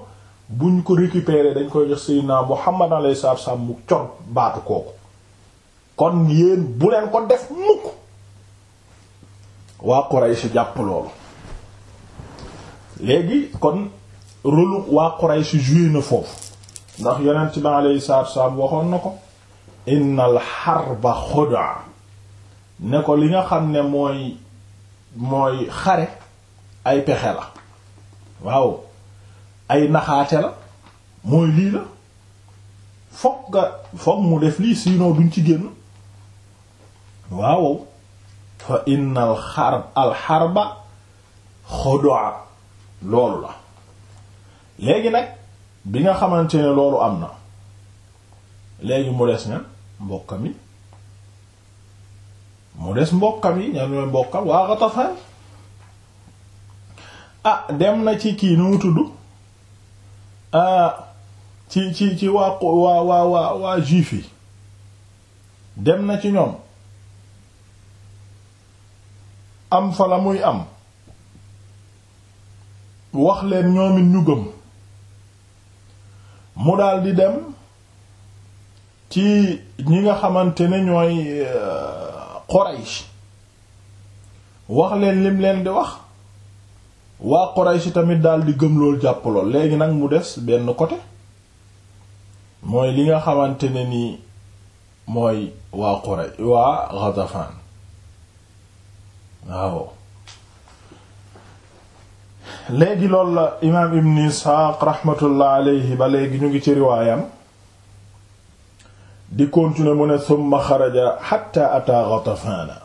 Speaker 1: buñ ko récupérer dañ koy jox Seydina Muhammad alayhi salaatu wasallam mu cor baatu kooku kon yéen bu leen ko def mukk waa Quraysh jàpp loolu léegi kon rôle waa Quraysh joué na foofu ndax yonent bi alayhi salaatu wassalaam waxoon na ko innal harba xudaa ne ko li nga xam ne mooy mooy xare ay pexe la waaw ay naxaate la mooy lii la fokk nga fokk mu def lii sinon duñ ci génn waaw fa innal xarb al xarba loolu la léegi nag bi nga xamante ne loolu am na léegi mu des ñan mbokkam yi mu des mbokkam yi ñan ñooy mbokkam waa Ghatafan ah dem na ci kii nu mu tudd ah, ci ci ci waa waa waa waa waa juif yi dem na ci ñoom am fa la muy am wax leen ñoomit ñu gëm mu daal di dem ci ñi nga xamante ne ñooy euh, Quraysh wax leen lim leen di wax waa Quraysh tamit daal di gëm lool jàpp lool léegi nag mu des benn côté mooy li nga xamante ne ni mooy waa Quraysh waa Ghatafan waaw léegi loolu la imaam ibn isxaaq raxmatullah alayhi ba léegi ñu ngi ci riwaayam di continuer mu ne summa xaraja xatta ataa Gatafaana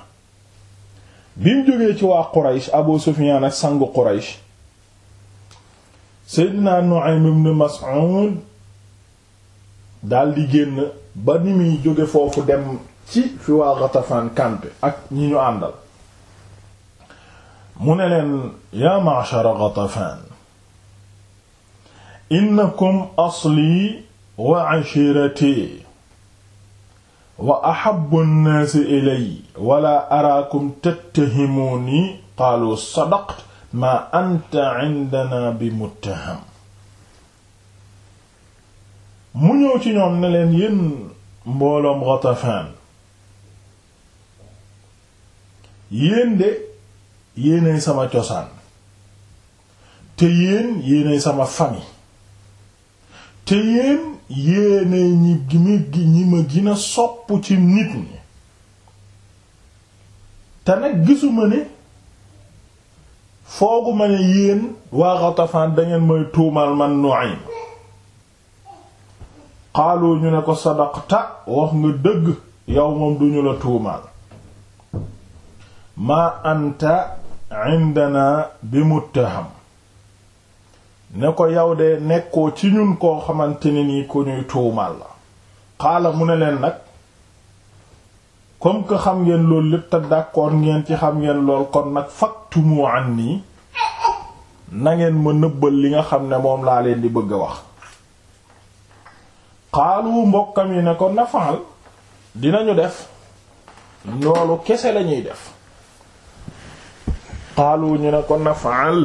Speaker 1: bi mu jógee ci waa Quraysh Abu Sufyaan ak sangu Quraysh Seydina Nu'aym ibn Mas'ud daldi génn ba ni muy jóge foofu dem ci fi waa Gatafaan campé ak ñi ñu àndal mu ne leen yaa ma'shara Ghatafan innakum asli wa ashirati wa ahabbu an-naasi ilay wala araakum tattahimuuni qaalu sadaqta maa anta indana bi muttaham mu ñëw ci ñoom ne leen yéen mbooloom Ghatafan yéen de yéenay sama cosaan te yéen yéenay sama famille te yéen yéenay ñi ñi ma gën sopp ci nit ñi te nag gisuma ni fooguma ne yéen waa Ghatafan dangeen mooy tuumal man Nu'aym xaalu ñu ne ko sadaqta wax nga dëgg yow moom duñu la tuumaal maa anta indana bi muttaham ne ko yow de nekkoo ci ñun koo xamante ne nii ñuy tuumal la xaala mu ne leen nag comme que xam ngeen loolu lépp te ngeen ci xam ngeen lool kon nag faktumu an nii nangeen ngeen ma nëbbal li nga xam ne moom laa leen di bëgg a wax xaalu mbokkam yi ne ko nafal dinañu def loolu kese lañuy def xaalu ñu ne ko nafaal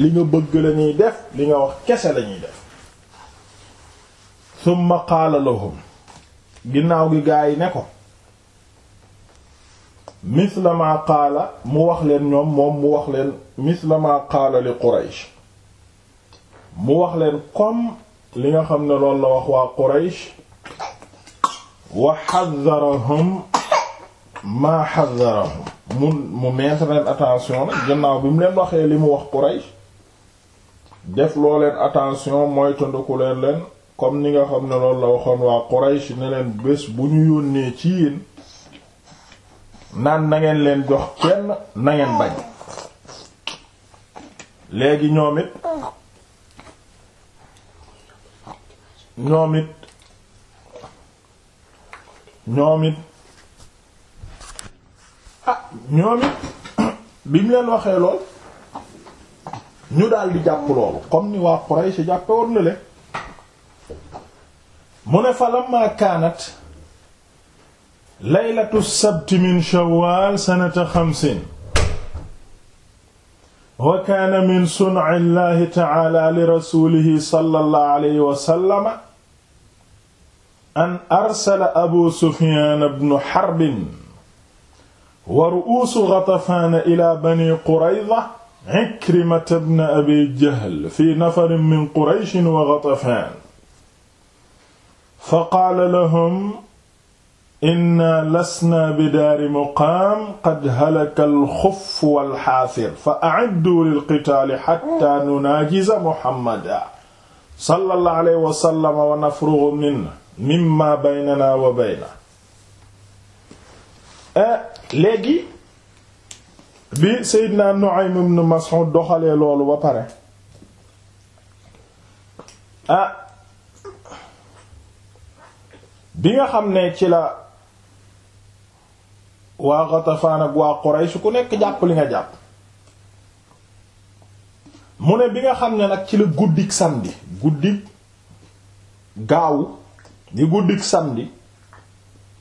Speaker 1: li nga bëgg la ñuy def li nga wax kese la def summa qaala lahum ginnaaw gi gaa yi ne ko misla ma qaala mu wax leen ñoom moom mu wax leen misla ma qaala li quraysh mu wax leen comme li nga xam ne loolu la wax waa quraysh wa xadarahum ma xadarahum mu mu mettre leen attention nag gannaaw bi mu leen waxee li mu wax Quraysh def loo leen attention mooy tëndaku leen leen comme ni nga xam ne loolu la waxoon waa Quraysh ne leen bés bu ñu yónnee ci yéen naan nangeen ngeen leen jox kenn na bañ léegi ñoom it ñoom ñoom bi mu leen waxee lool ñu daal di jàpp loolu comme ni waa Quraysh jàppe woon na le mu ne fa lamma kaanat laylatu sabti min shawwal sanata xamsin wa kaana min sun'i llahi ta'ala li rasulihi sallallahu alayhi an arsala abu sufyan ibn harbin wa ru'uusu Ghatafaan ilaa banii Qurayza Ikrimata ibn Abi Jahl fii nafarin min Quraysh wa Ghatafaan faqaala lahum inna lasnaa bidaari muqaam qad halaka al-xuff wal-xaafir fa a'iddu lil-qitaali hattaa nunaajiza Muhammadan sallallahu alayhi wa sallam wa nafruga minhu mimmaa baynanaa wa baynahu Eh, léegi bi Seydina Nu'aym ibn Mas'ud doxalee loolu ba pare ah, bi nga xam ne ci la waa Ghatafaan ak waa su ku nekk jàpp li nga jàpp mu ne bi nga xam ne nag ci la guddik samedi guddi gaaw di guddik samedi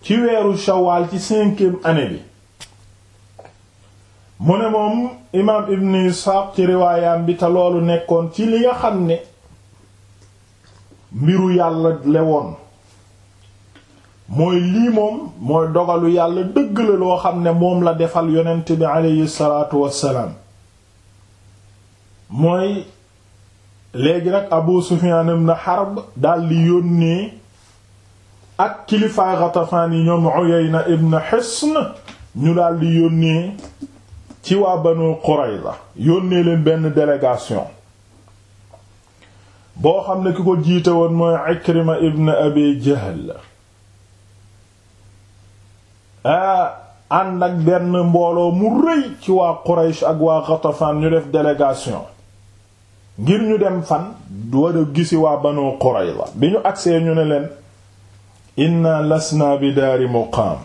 Speaker 1: ci weeru shawaal ci cinquième année bi mu ne moom imaam ibn isxaaq ci riwaayam bi te loolu nekkoon ci li nga xam ne mbiru yàlla lewoon mooy lii moom mooy dogalu yàlla dëgg la loo xam ne moom la defal yonent bi aleyhi salaatu wassalaam mooy léegi nag abu na ibn harb daldi yónnee ak kilifaay Ghatafaan yi ñoom Uyayna ibn Hisn ñu daal yónnee ci waa Banu Qurayza yónnee leen benn délégation boo xam ne ki ko jiite woon mooy Ikrima ibn Abi Jahl a ànd ak benn mbooloo mu rëy ci waa Quraysh ak waa Ghatafaan ñu def délégation ngir ñu dem fan doo def gisi waa Banu Qurayza bi ñu agsee ñu ne leen inna lasna bi daari muqaam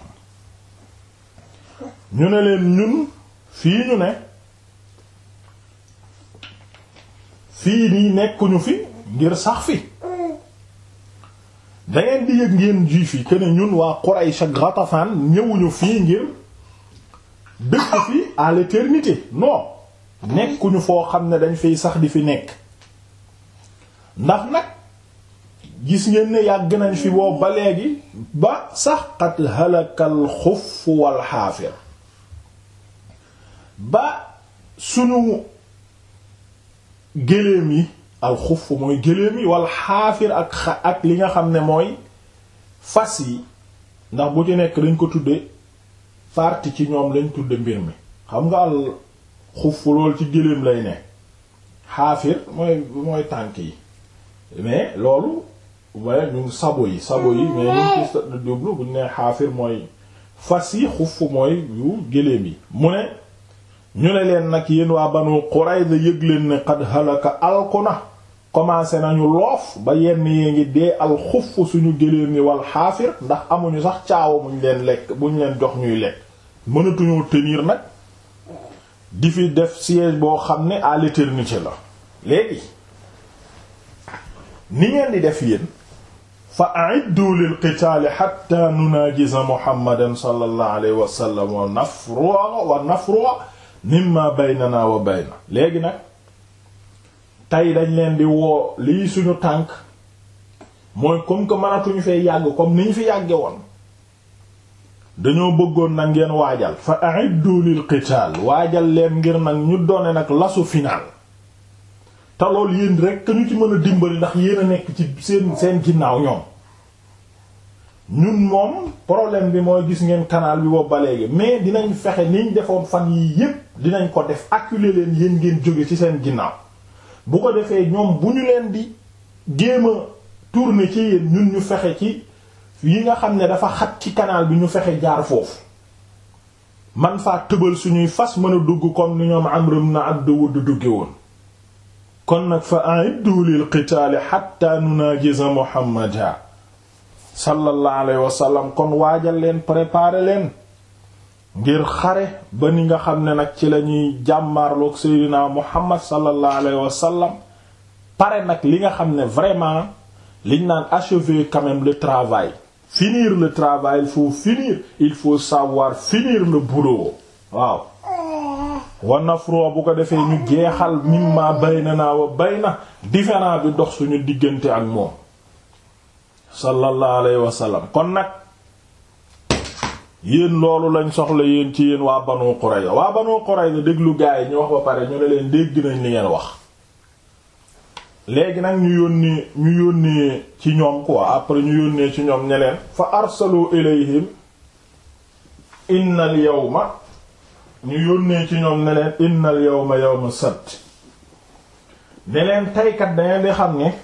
Speaker 1: ñu ne leen ñun fii ñu ne fii nii nekkuñu fi ngir sax fi dangeen di yëg ngeen juif yi ne ñun waa Quraysh ak Ghatafan ñëwuñu fii ngir dëkk fi à l'éternité non nekkuñu foo xam ne dañ fiy sax di fi nekk ndax nag gis ngeen ne yàgg nañ fi boobu ba léegi ba sax xat halakal wal xaafir ba sunu géléem yi al xuff mooy géléem yi wal xaafir ak ak li nga xam ne mooy fas yi ndax bu ci nekk dañ ko tudde partie ci ñoom lañ tudde mbir mi xam nga al xuff lool ci géléem lay ne xaafir mooy mooy tànk yi mais loolu waaye ñun sabo yi sabo yi mais ñun ci jublu bu ñu nee xaafir mooy fas yi xuff mooy yu gëléem yi mu ne ñu ne leen nag yéen waa Banu Qurayza yëg leen ne qad halaka alku na commencé nañu loof ba yenn yee ngi dee al xuff suñu gëléem yi wal xaafir ndax amuñu sax caawa buñ leen lekk buñ leen jox ñuy lekk mënatuñoo tenir nag di fi def siège boo xam ne à l'éternité la léegi ni ngeen di def yéen fa a'iddu lil qitaali hatta nunaajisa muhammadan sallallahu alayhi wa sallam wa nafruwa wa nafruwa mimma wa bayna léegi nag tey dañ leen di woo lii suñu tànk mooy comme que mënatuñu fee yàgg comme ni ñu fi yàgge woon dañoo bëggoon nag ngeen waajal fa a'iddu lil qitaal waajal leen ngir nag ñu doone nag lasu final te lool yéen rek ñu ci mën a dimbali ndax yéen a nekk ci seen seen ginnaaw ñoom ñun moom problème bi mooy gis ngeen canal bi boobu ba léegi mais dinañ fexe niñ defoon fan yi yépp dinañ ko def acculer leen yéen ngeen jóge ci seen ginnaaw bu ko defee ñoom bu ñu leen di géem a tourner ci yéen ñun ñu fexe ci yi nga xam ne dafa xat ci kanaal bi ñu fexe jaar foofu man faa tëbal suñuy fas mën a dugg comme ni ñoom Amr ak Abd Wudd dugge woon kon nag fa a'iddu lil qitaali hatta nunaajiza Muhammadan sallallahu alayhi wa sallam kon waajal leen préparer leen ngir xare ba ni nga xam ne nag ci lañuy jàmmaarloog Seydina Muhammad sallallahu alayhi wa sallam pare nag li nga xam ne vraiment li naan achever quand même le travail finir le travail il faut finir il faut savoir finir le boulot wa nafro bu ko defee ñu jeexal mimma baynana wa bayna différent bi dox suñu diggante ak moom sallallahu alayhi wa sallam kon nag yéen loolu lañ soxla yéen ci yéen waa Banu Qurayza waa déglu gaa yi ñu wax ba pare ñu ne leen dégg nañ li ngeen wax léegi nag ñu yónnee ñu yónnee ci ñoom quoi après ñu yónnee ci ñoom ñeleen fa arsalu ilayhim innal yawma ñu yónnee ci ñoom ne leen innal yawma yawma sabt ne leen taykat di xam ne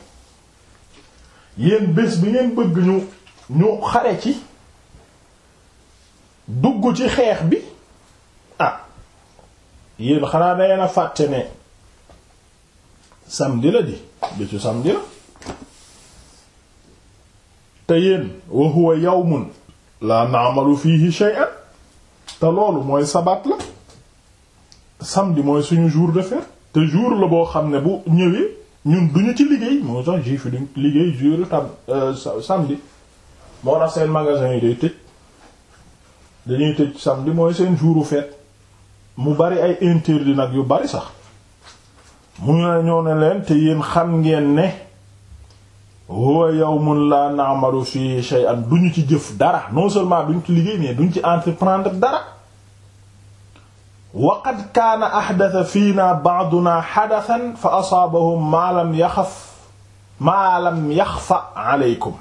Speaker 1: yéen bés bi ngeen bëgg ñu ñu xare ci dugg ci xeex bi ah yéen xanaa dangeen a fàtte ne samedi la di bésu samedi la te yéen wa huwa yawmun la na'malu fihi shay'an te loolu mooy sabat la samedi mooy suñu jour de fête te jour la boo xam ne bu ñëwee ñun duñu ci liggéey moo tax juif yi duñ liggéey jour tam euh, samedi moo tax seen magasin yi day tëj dañuy tëj samedi mooy seen jouru fête mu bari ay interdit nag yu bari sax mu ñoo ne leen te yéen xam ngeen ne huwa yawmun la na'malu fihi shay'an ñu ci jëf dara non seulement duñ ci liggéey mais duñ ci entreprendre dara wa qad kaana ahdatha fiina ba'duna hadathan fa asaabahum ma lam yaxaf ma lam yaxfa aleykum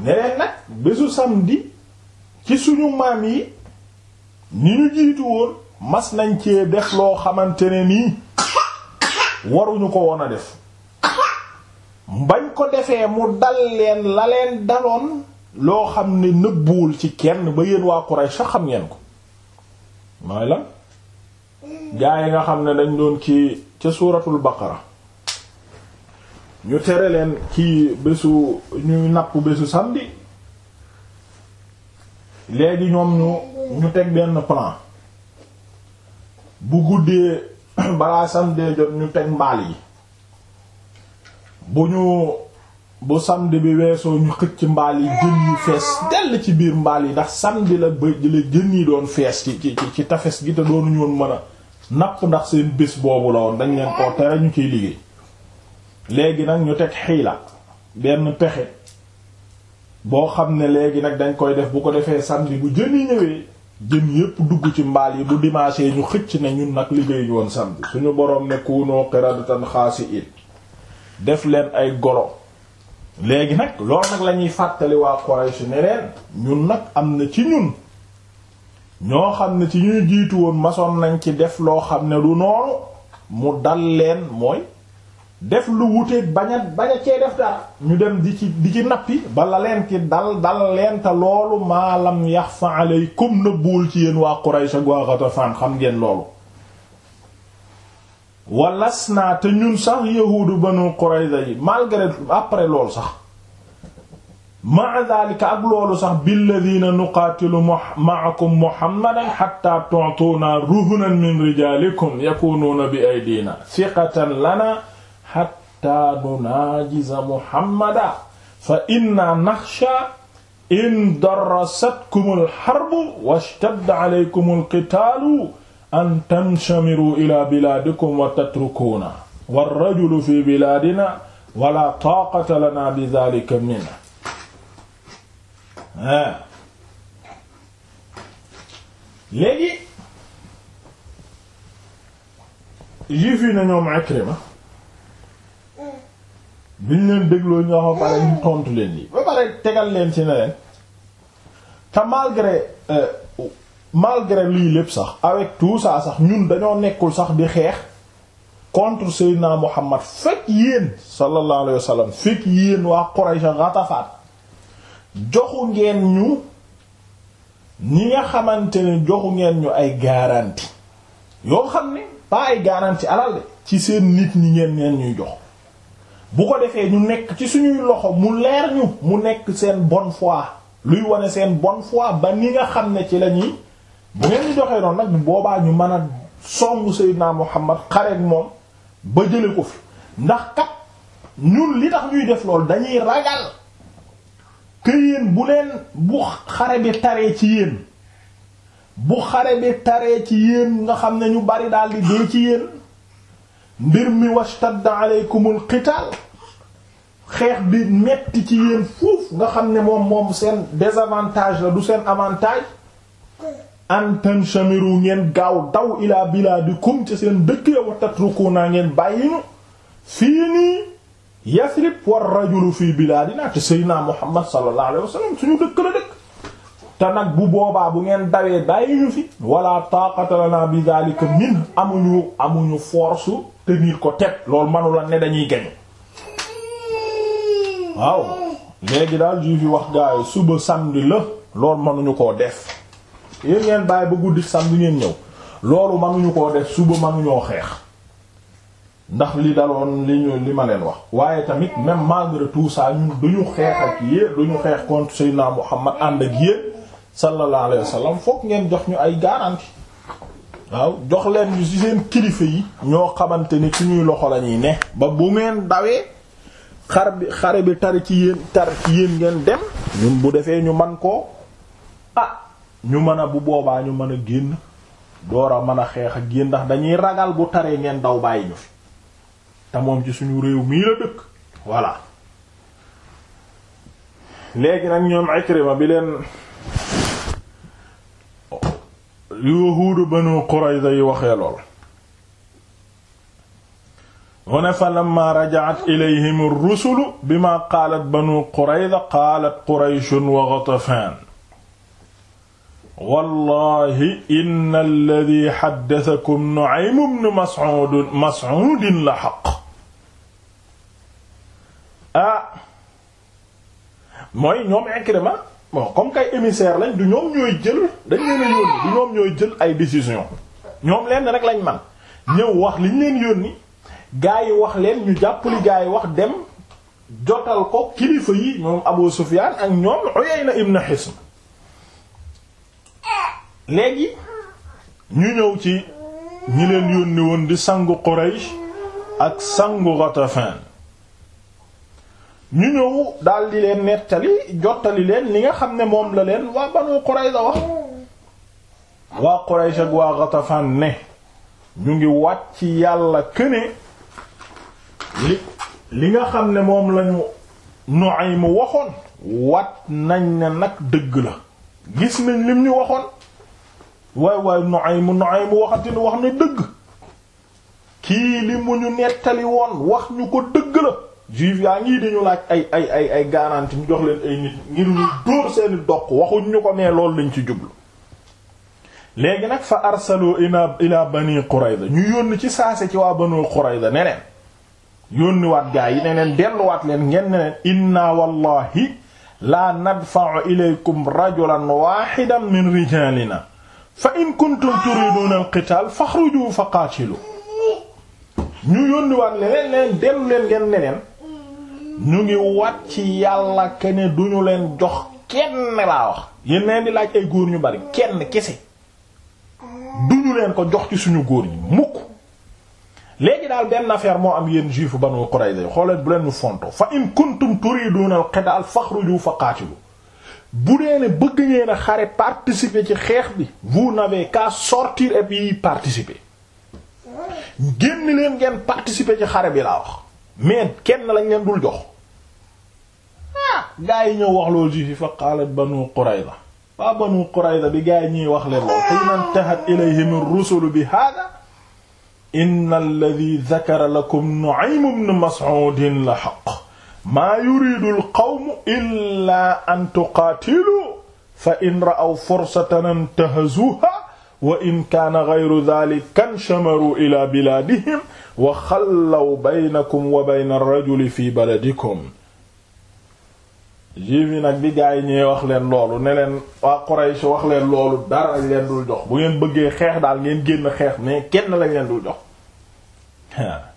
Speaker 1: ne leen nag bésu samedi ci suñu maam yi ni ñu jiitu woon mas nañ ci def loo xamante ne nii waruñu ko woon a def ko defee mu dal leen la leen daloon loo xam ne nëbbuwul ci kenn ba yéen waa Quraysh sax xam ngeen ko mooy la gaa yi nga xam ne dañ doon kii ca suuratul baqara ñu tere leen kii bésu ñuy napp bésu samedi léegi ñoom ñu ñu teg benn plan bu guddee balaa samedi jot ñu teg mbaal yi bu ñu bu samedi bi weesoo ñu xëcc mbaal yi jën yi fees dell ci biir mbaal yi ndax samedi la ba la jën yi doon fees ci ci ci tafes gi te doonuñu woon mën napp ndax seen bés boobu la woon dañ leen koo tere ñu ciy liggéey léegi nag ñu teg xiila benn pexe boo xam ne léegi nag dañ koy def bu ko defee samedi bu jën yi ñëwee jën yépp dugg ci mbaal yi bu dimanche ñu xëcc ne ñun nag liggéey woon samedi suñu boroom ne kuunoo qiradatan xaasi it def leen ay golo léegi nag loolu nag la fàttali waa Quraysh ne leen ñun nag am na ci ñun ñoo xam ne ci ñuy jiitu woon masoon nañ ci def loo xam ne du noonu mu dal leen mooy def lu wuteeg bañ a cee def dara ñu dem di ci di ci nappi bala leen ci dal dal leenta loolu maalam yax fa aleykum na buul ci yéen waa Quraysh ak waa xam ngeen loolu walas naa te ñun sax yahuudu banu Qurayza yi malgré après loolu sax ma'a dhalika ak loolu sax billadhina nuqaatilu ma'akum muhammadan hatta tu'tuna ruhnan min rijalikum yakununa bi aydina thiqatan lana hatta nunajiza muhammada fa inna nakhsha in darrasatkum al-harbu washtadda alaykum al-qitalu an tanshamiru ila bilaadikum wa tatrukuna warrajulu fi bilaadina wala taaqata lana bi dhalika min léegi juif yi na ñoom Ikrima biñ leen dégloo ñu wax ba pare ñu tontu leen yi ba pare tegal leen ci ne leen te malgré euh, malgré lii lépp sax avec tout sax ñun dañoo nekkul sax di xeex contre Seydina Muhammad fekk yéen sallallahu alayhi wa sallam fekk yéen waa Quraysh Ghatafan joxu ngeen ñu ñi nga xamante ne joxu ngeen ñu ay garantie yoo xam ne pas ay garantie alal de ci seen nit ñi ngeen ñuy jox bu ko defee ñu nekk ci suñuy loxo mu leer ñu mu nekk seen bonne foi luy wane seen bonne fois ba ni nga xam ne ci lañuy bu ngeen ñu joxee noonu nag boobaa ñu man a song Seydina Muhammad xare ak moom ba jële ko fi ndax kat ñun li tax ñuy def lool dañuy ragal que yéen bu leen bu xare bi taree ci yéen bu xare bi taree ci yéen nga xam ne ñu bari daal di dee ci yéen mbir mi washtadda alaykumul qital xeex bi metti ci yéen foofu nga xam ne moom moom seen désavantage la du seen avantage an tanshamiru ngeen gaaw daw ilaa bilaadikum ci seen dëkk ya wa tatrukuna ngeen bàyyi ñu fii nii Yasrib war rajulu fii bilaadina te Seydina Muhammad sallallahu alayhi wa sallam suñu dëkk la dëkk te nag bu boobaa bu ngeen dawee bàyyi ñu fi wala taaqata lana bi daalika min amuñu amuñu force tenir ko tête loolu manula ne dañuy gañu waaw léegi daal juif yi wax gaayu suba samedi la loolu mënuñu koo def yéen ngeen bàyyi ba guddi samedi ngeen ñëw loolu mënuñu koo def suba mënuñoo xeex ndax li daloon li ñu li ma leen wax waaye tamit même malgré tout ça ñun xeex ak yéen duñu xeex contre Seydina Muhammad ànd ak yéen sallallahu alayhi wa sallam ngeen jox ñu ay garantie waaw jox leen ñu seen kilifa yi ñoo xamante ni suñuy loxo lañuy ne ba bu ngeen dawee xar bi xare bi tar ci yéen tar ci yéen ngeen dem ñun bu defee ñu man ko ah ñu mën a bu boobaa ñu mën a génn door a mën a xeex ak yéen ndax dañuy ragal bu taree ngeen daw bàyyi ñu fi te moom ci suñu réew mii la dëkk voilà léegi nag ñoom Ikrima bi leen yahuudu Banu Qurayza yi waxee lool mu ne fa lamma raja'at ilayhim ar-rusulu bima qaalat Banu Qurayza qaalat Qurayshun wa Ghatafan wallahi inna alladi xaddatakum Nu'aym ibn Mas'ud Mas'ud la xaq ah mooy ñoom Ikrima bon comme kay émissaire lañ du ñoom ñooy jël dañ leen yónni du ñoom ñooy jël ay décision ñoom leen rek lañ man ñëw wax liñ leen yónni gaa yi wax leen ñu jàppali gaa yi wax dem jotal ko kilifa yi ñoom Abu Sufyaan ak ñoom Uyayna ibn Hisn léegi ñu ñëw ci ñileen leen di sangu Quraysh ak sangu Ghatafan ñu ñëw daldi leen nettali jottali leen li nga xam ne moom la leen waa Banu Qurayza wax waa Quraysh ak waa Ghatafan ne ñu ngi wàcc yàlla këne li li nga xam ne moom lañu Nu'aym mu waxoon wat nañ ne nag dëgg la gis nañ lim ñu waxoon waay waay Nu'aym Nu'aym waxati na wax na dëgg kii li mu ñu nettali woon wax ñu ko dëgg la juif yaa ngi dañu laaj ay ay ay ay garanti ñu jox leen ay nit ngir ñu seeni doq waxuñ ñu ko nee loolu lañ ci jublu léegi nag fa arsalu ila ila bani Qurayza ñu yónni ci saase ci waa banu Qurayza neneen yónniwaat gaa yi neneen delluwaat leen ngeen neneen inna wallahi la nadfa'u ilaykum rajulan wahidan min rijalina fa in kuntum turiduna al-qital fakhruju fa qatilu ñu yónniwaat leneen leen dellu leen ngeen neneen ñu ngi wat ci yàlla kene duñu leen jox kenn laa wax yéen neen di laaj ay góor ñu bari kenn kese duñu leen ko jox ci suñu góor ñi mukk léegi daal benn affaire moo am yéen juifu Banu Qurayza xooleen bu leen ñu fonto fa in kuntum turiduna al-qital fakhruju fa qatilu bu dee ne bëgg ngeen a xare participer ci xeex bi vous n'avez qu'à sortir et puis participer génn leen ngeen participer ci xare bi laa wax mais kenn lañ leen dul jox ah. gaa yi ñëw wax loolu juif fa qaalat banu qurayza waa banu qurayza bi gaa yi ñuy wax leen lool xiina intahat ilayhim ar-rusulu bi hada inna alladhi dhakara lakum nu'aym ibn mas'ud la haqq maa yuridul qawmu illa an tuqaatilu fa in ra'aw fursatan intahazuha wa in kaana ghayru dhalika shamaru ila bilaadihim wa xallaw baynakum wa bayna ar-rajuli fi baladikum juif yi nag bi gaa yi ñee wax leen loolu ne leen waa Quraysh wax leen loolu dara lañ leen dul jox bu ngeen bëggee xeex daal ngeen génn xeex mais kenn lañ leen dul jox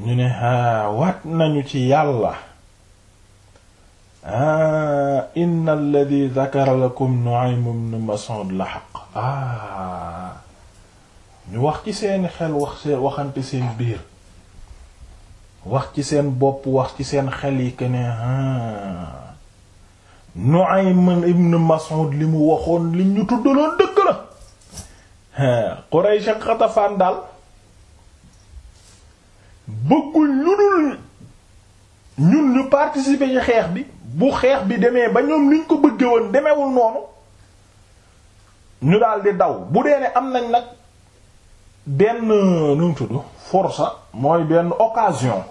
Speaker 1: ñu ne haa waat nañu ci yàlla ah inna alladi dakara lakum Nu'aym ibn Mas'ud la xaq ah ñu wax ci seen xel wax seen seen biir wax ci seen bopp wax ci seen xel yi que ne ah Nu'aym ibn Mas'ud li mu waxoon li ñu tuddaloon dëgg la Quraysh Xatafaan daal. bëggul ñu dul ñun ñu participer ci xeex bi bu xeex bi demee ba ñoom luñ ko bëgge woon demewul noonu ñu daal daw bu dee ne am nañ nag benn nu mu tudd force mooy benn occasion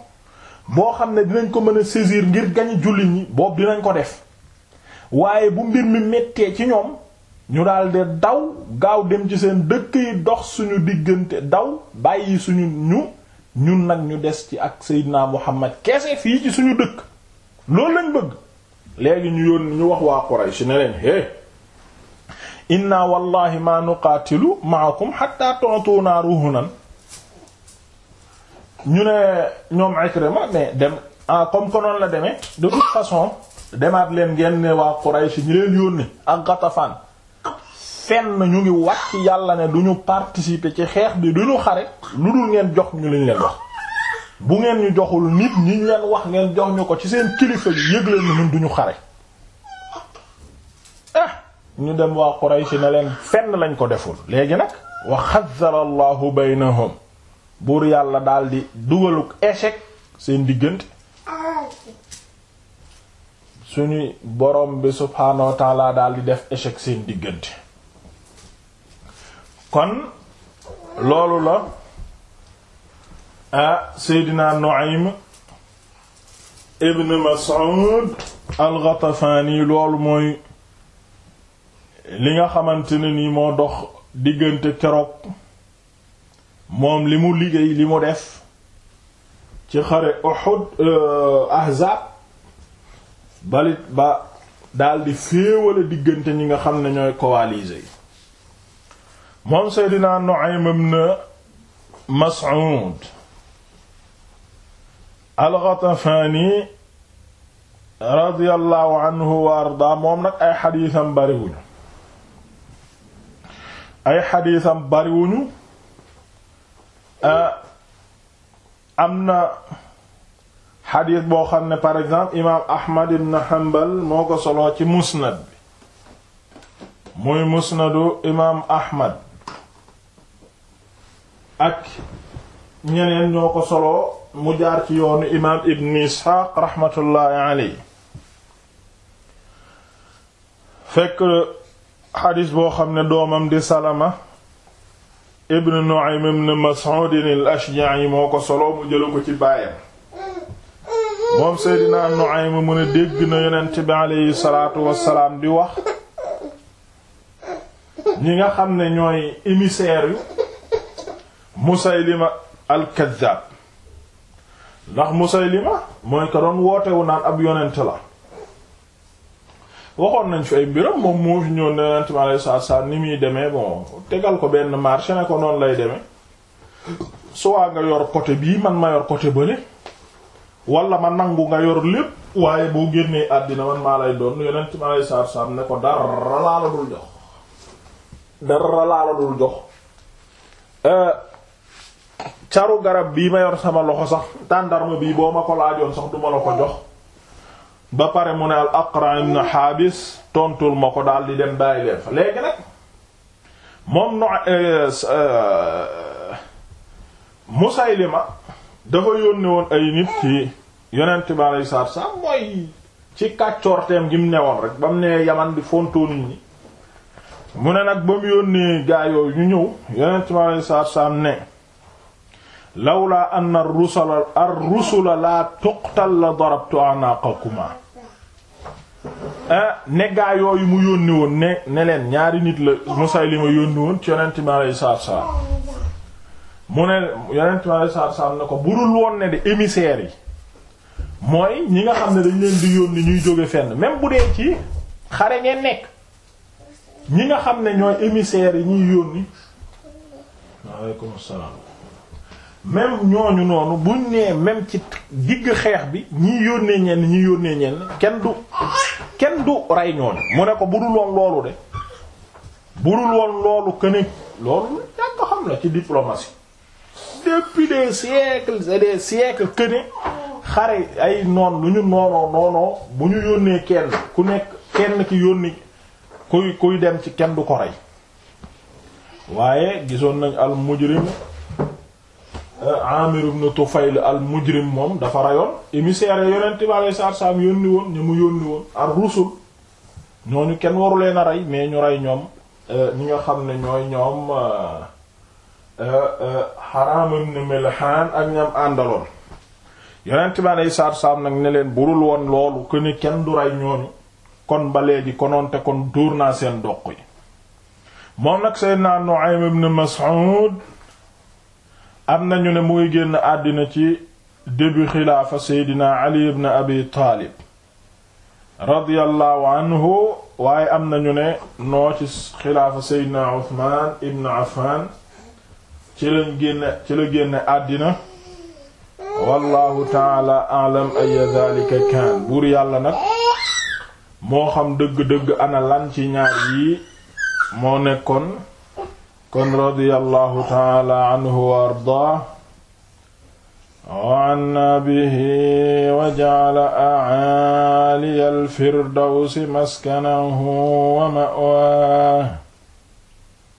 Speaker 1: boo xam ne dinañ ko mën a saisir ngir gañi jullit ñi boobu dinañ ko def waaye bu mbir mi méttee ci ñoom ñu daal daw gaaw dem ci seen dëkk yi dox suñu diggante daw bàyyi suñu ñu. ñun nag ñu des ci ak Seydina Muhammad kese fii ci suñu dëkk loolu lañ bëgg léegi ñu yónni ñu wax waa Quraysh ne leen hé inna wallahi ma nuqaatilu maakum hatta tu'tuna ruhunan ñu ne ñoom Ikrima mais dem ah, comme que la demee de toute façon demaat leen ngeen ne waa Quraysh ñu leen yónni ak Ghatafan fenn ñu ngi wàcc yàlla ne duñu ñu ci xeex bi duñu xare lu dul ngeen jox ñu liñ leen wax bu ngeen ñu joxul nit ñi leen wax ngeen jox ñu ko ci seen kilifa yi yëg leen ñun du xare ah ñu dem waa Quraysh ne leen fenn lañ ko deful léegi nag wa xazzara allahu baynahum buur yàlla daal di dugaluk échec seen diggante suñu borom bi subhaanahu wa taala daal di def échec seen diggante kon loolu la a ah, Seydina Nu'aym ibn Mas'ud al-Ghatafani loolu mooy li nga xamante ne nii moo dox diggante keroog moom li mu liggéey li mu def ci xare Uhud euh, Ahzab balit ba daldi féewale diggante ñi nga xam ne ñooy coalisés moom Seydina Nu'aym ibn Mas'ud al-Ghatafani radiyallahu anhu wa arda moom nag ay xadiisam bariwuñu ay xadiisam bariwuñu ah, am na xadiis boo xam ne par exemple imaam Ahmad ibn Hanbal moo ko soloo ci musnad bi muy musnadu imaam Ahmad ak ñeneen ñoo ko soloo mu jaar ci yoonu imaam ibn isxaaq raxmatullaahi fekk xadis boo xam ne doomam di salama ibn nu'aym ibn mas'ud al ashja'i moo ko solo mu jëla ko ci baayam moom seydina nu'aym mu ne dégg na yonent bi aleyhi salaatu wassalaam di wax ñi nga xam ne ñooy émissaires yu musaylima alkaddaab ndax musaylima mooy ko doon wootewu naan ab yonent la waxoon nañ fi ay mbiram moom moo fi ñëw ne yonent mi alayhi salaatu salaam ni muy demee bon tegal ko benn marché ne ko noonu lay demee suwaa nga yor côté bii man ma yor côté bële wala ma nangu nga yor lépp waaye boo génnee àddina man maa lay doon yonent mi alayhi salaatu salaam ne ko dara jox dara jox euh, caru garab bii ma yor sama loxo sax tàndarma bii boo ma ko laajoon sax duma la ko jox ba pare mu ne al Aqra ibn Habis tontul ma ko daal di dem bàyyi leen fa léegi nag moom no eh, eh, ma dafa yónne woon ay nit ci yonent bi aleyhi salaatu gi mu newoon rek ba mu nee ne nag ba mu yu ñëw lawla an ar-rusula ar-rusula la tuqtal la darabtu anaqakuma ah, ne gaa yooyu mu yónni woon ne ne leen ñaari nit la Musaylima yónni woon ci yonent mi alayhi salaatu salaam mu ne yonent mi alayhi salaatu salaam ne ko budul woon ne de émissaires yi mooy ñi nga xam ne dañ leen di yónni ñuy jóge fenn même bu dee ci xare ngeen nekk ñi nga xam ne ñooy émissaires yi ñuy yónni waaleykum salaam même ñooñu noonu buñ nee même ci digg xeex bi ñii yónnee ñenn ñii yónnee ñenn kenn du kenn du rey ñooñu. mu ne ko budul woon loolu de budul woon loolu que ne loolu la ci diplomatie depuis des siècles et des ay noon lu ñu noonoo noonoo bu ñu yónnee kenn ku nekk kenn ki yónni kuy kuy dem ci kenn du ko rey waaye gisoon nañ al mujrim Amir ibn Tufayl al mujrim moom dafa rayoon émissaire yonent bi alayhi salaatu salaam yónni woon ñu mu yónni woon ar rusul ñooñu kenn waru leen a rey mais ñu rey ñoom euh, ñi nga xam ne ñooy ñoom euh, euh, Haram ibn Milhan ak ñam àndaloon yonent bi alayhi salaatu salaam nag ne leen burul woon loolu que ni kenn du rey ñooñu kon ba léegi konoonte kon dóor naa seen doq yi moom nag Seydina Nu'aym ibn Mas'ud am nañu ne muy génn àddina ci début xilaafa seydina ali ibn abi taalib anhu waaye am nañu ne noo ci xilaafa seydina uthman ibn affan ci la génne àddina wallahu taala alam ay dhalika kaan buur yàlla nag moo xam dëgg-dëgg ana lan ci ñaar yi moo nekkoon kon radiyallahu taala anhu wa ardaa wa anna bihi wa ja'ala a'aliya al-firdawsi maskanahu wa ma'waahu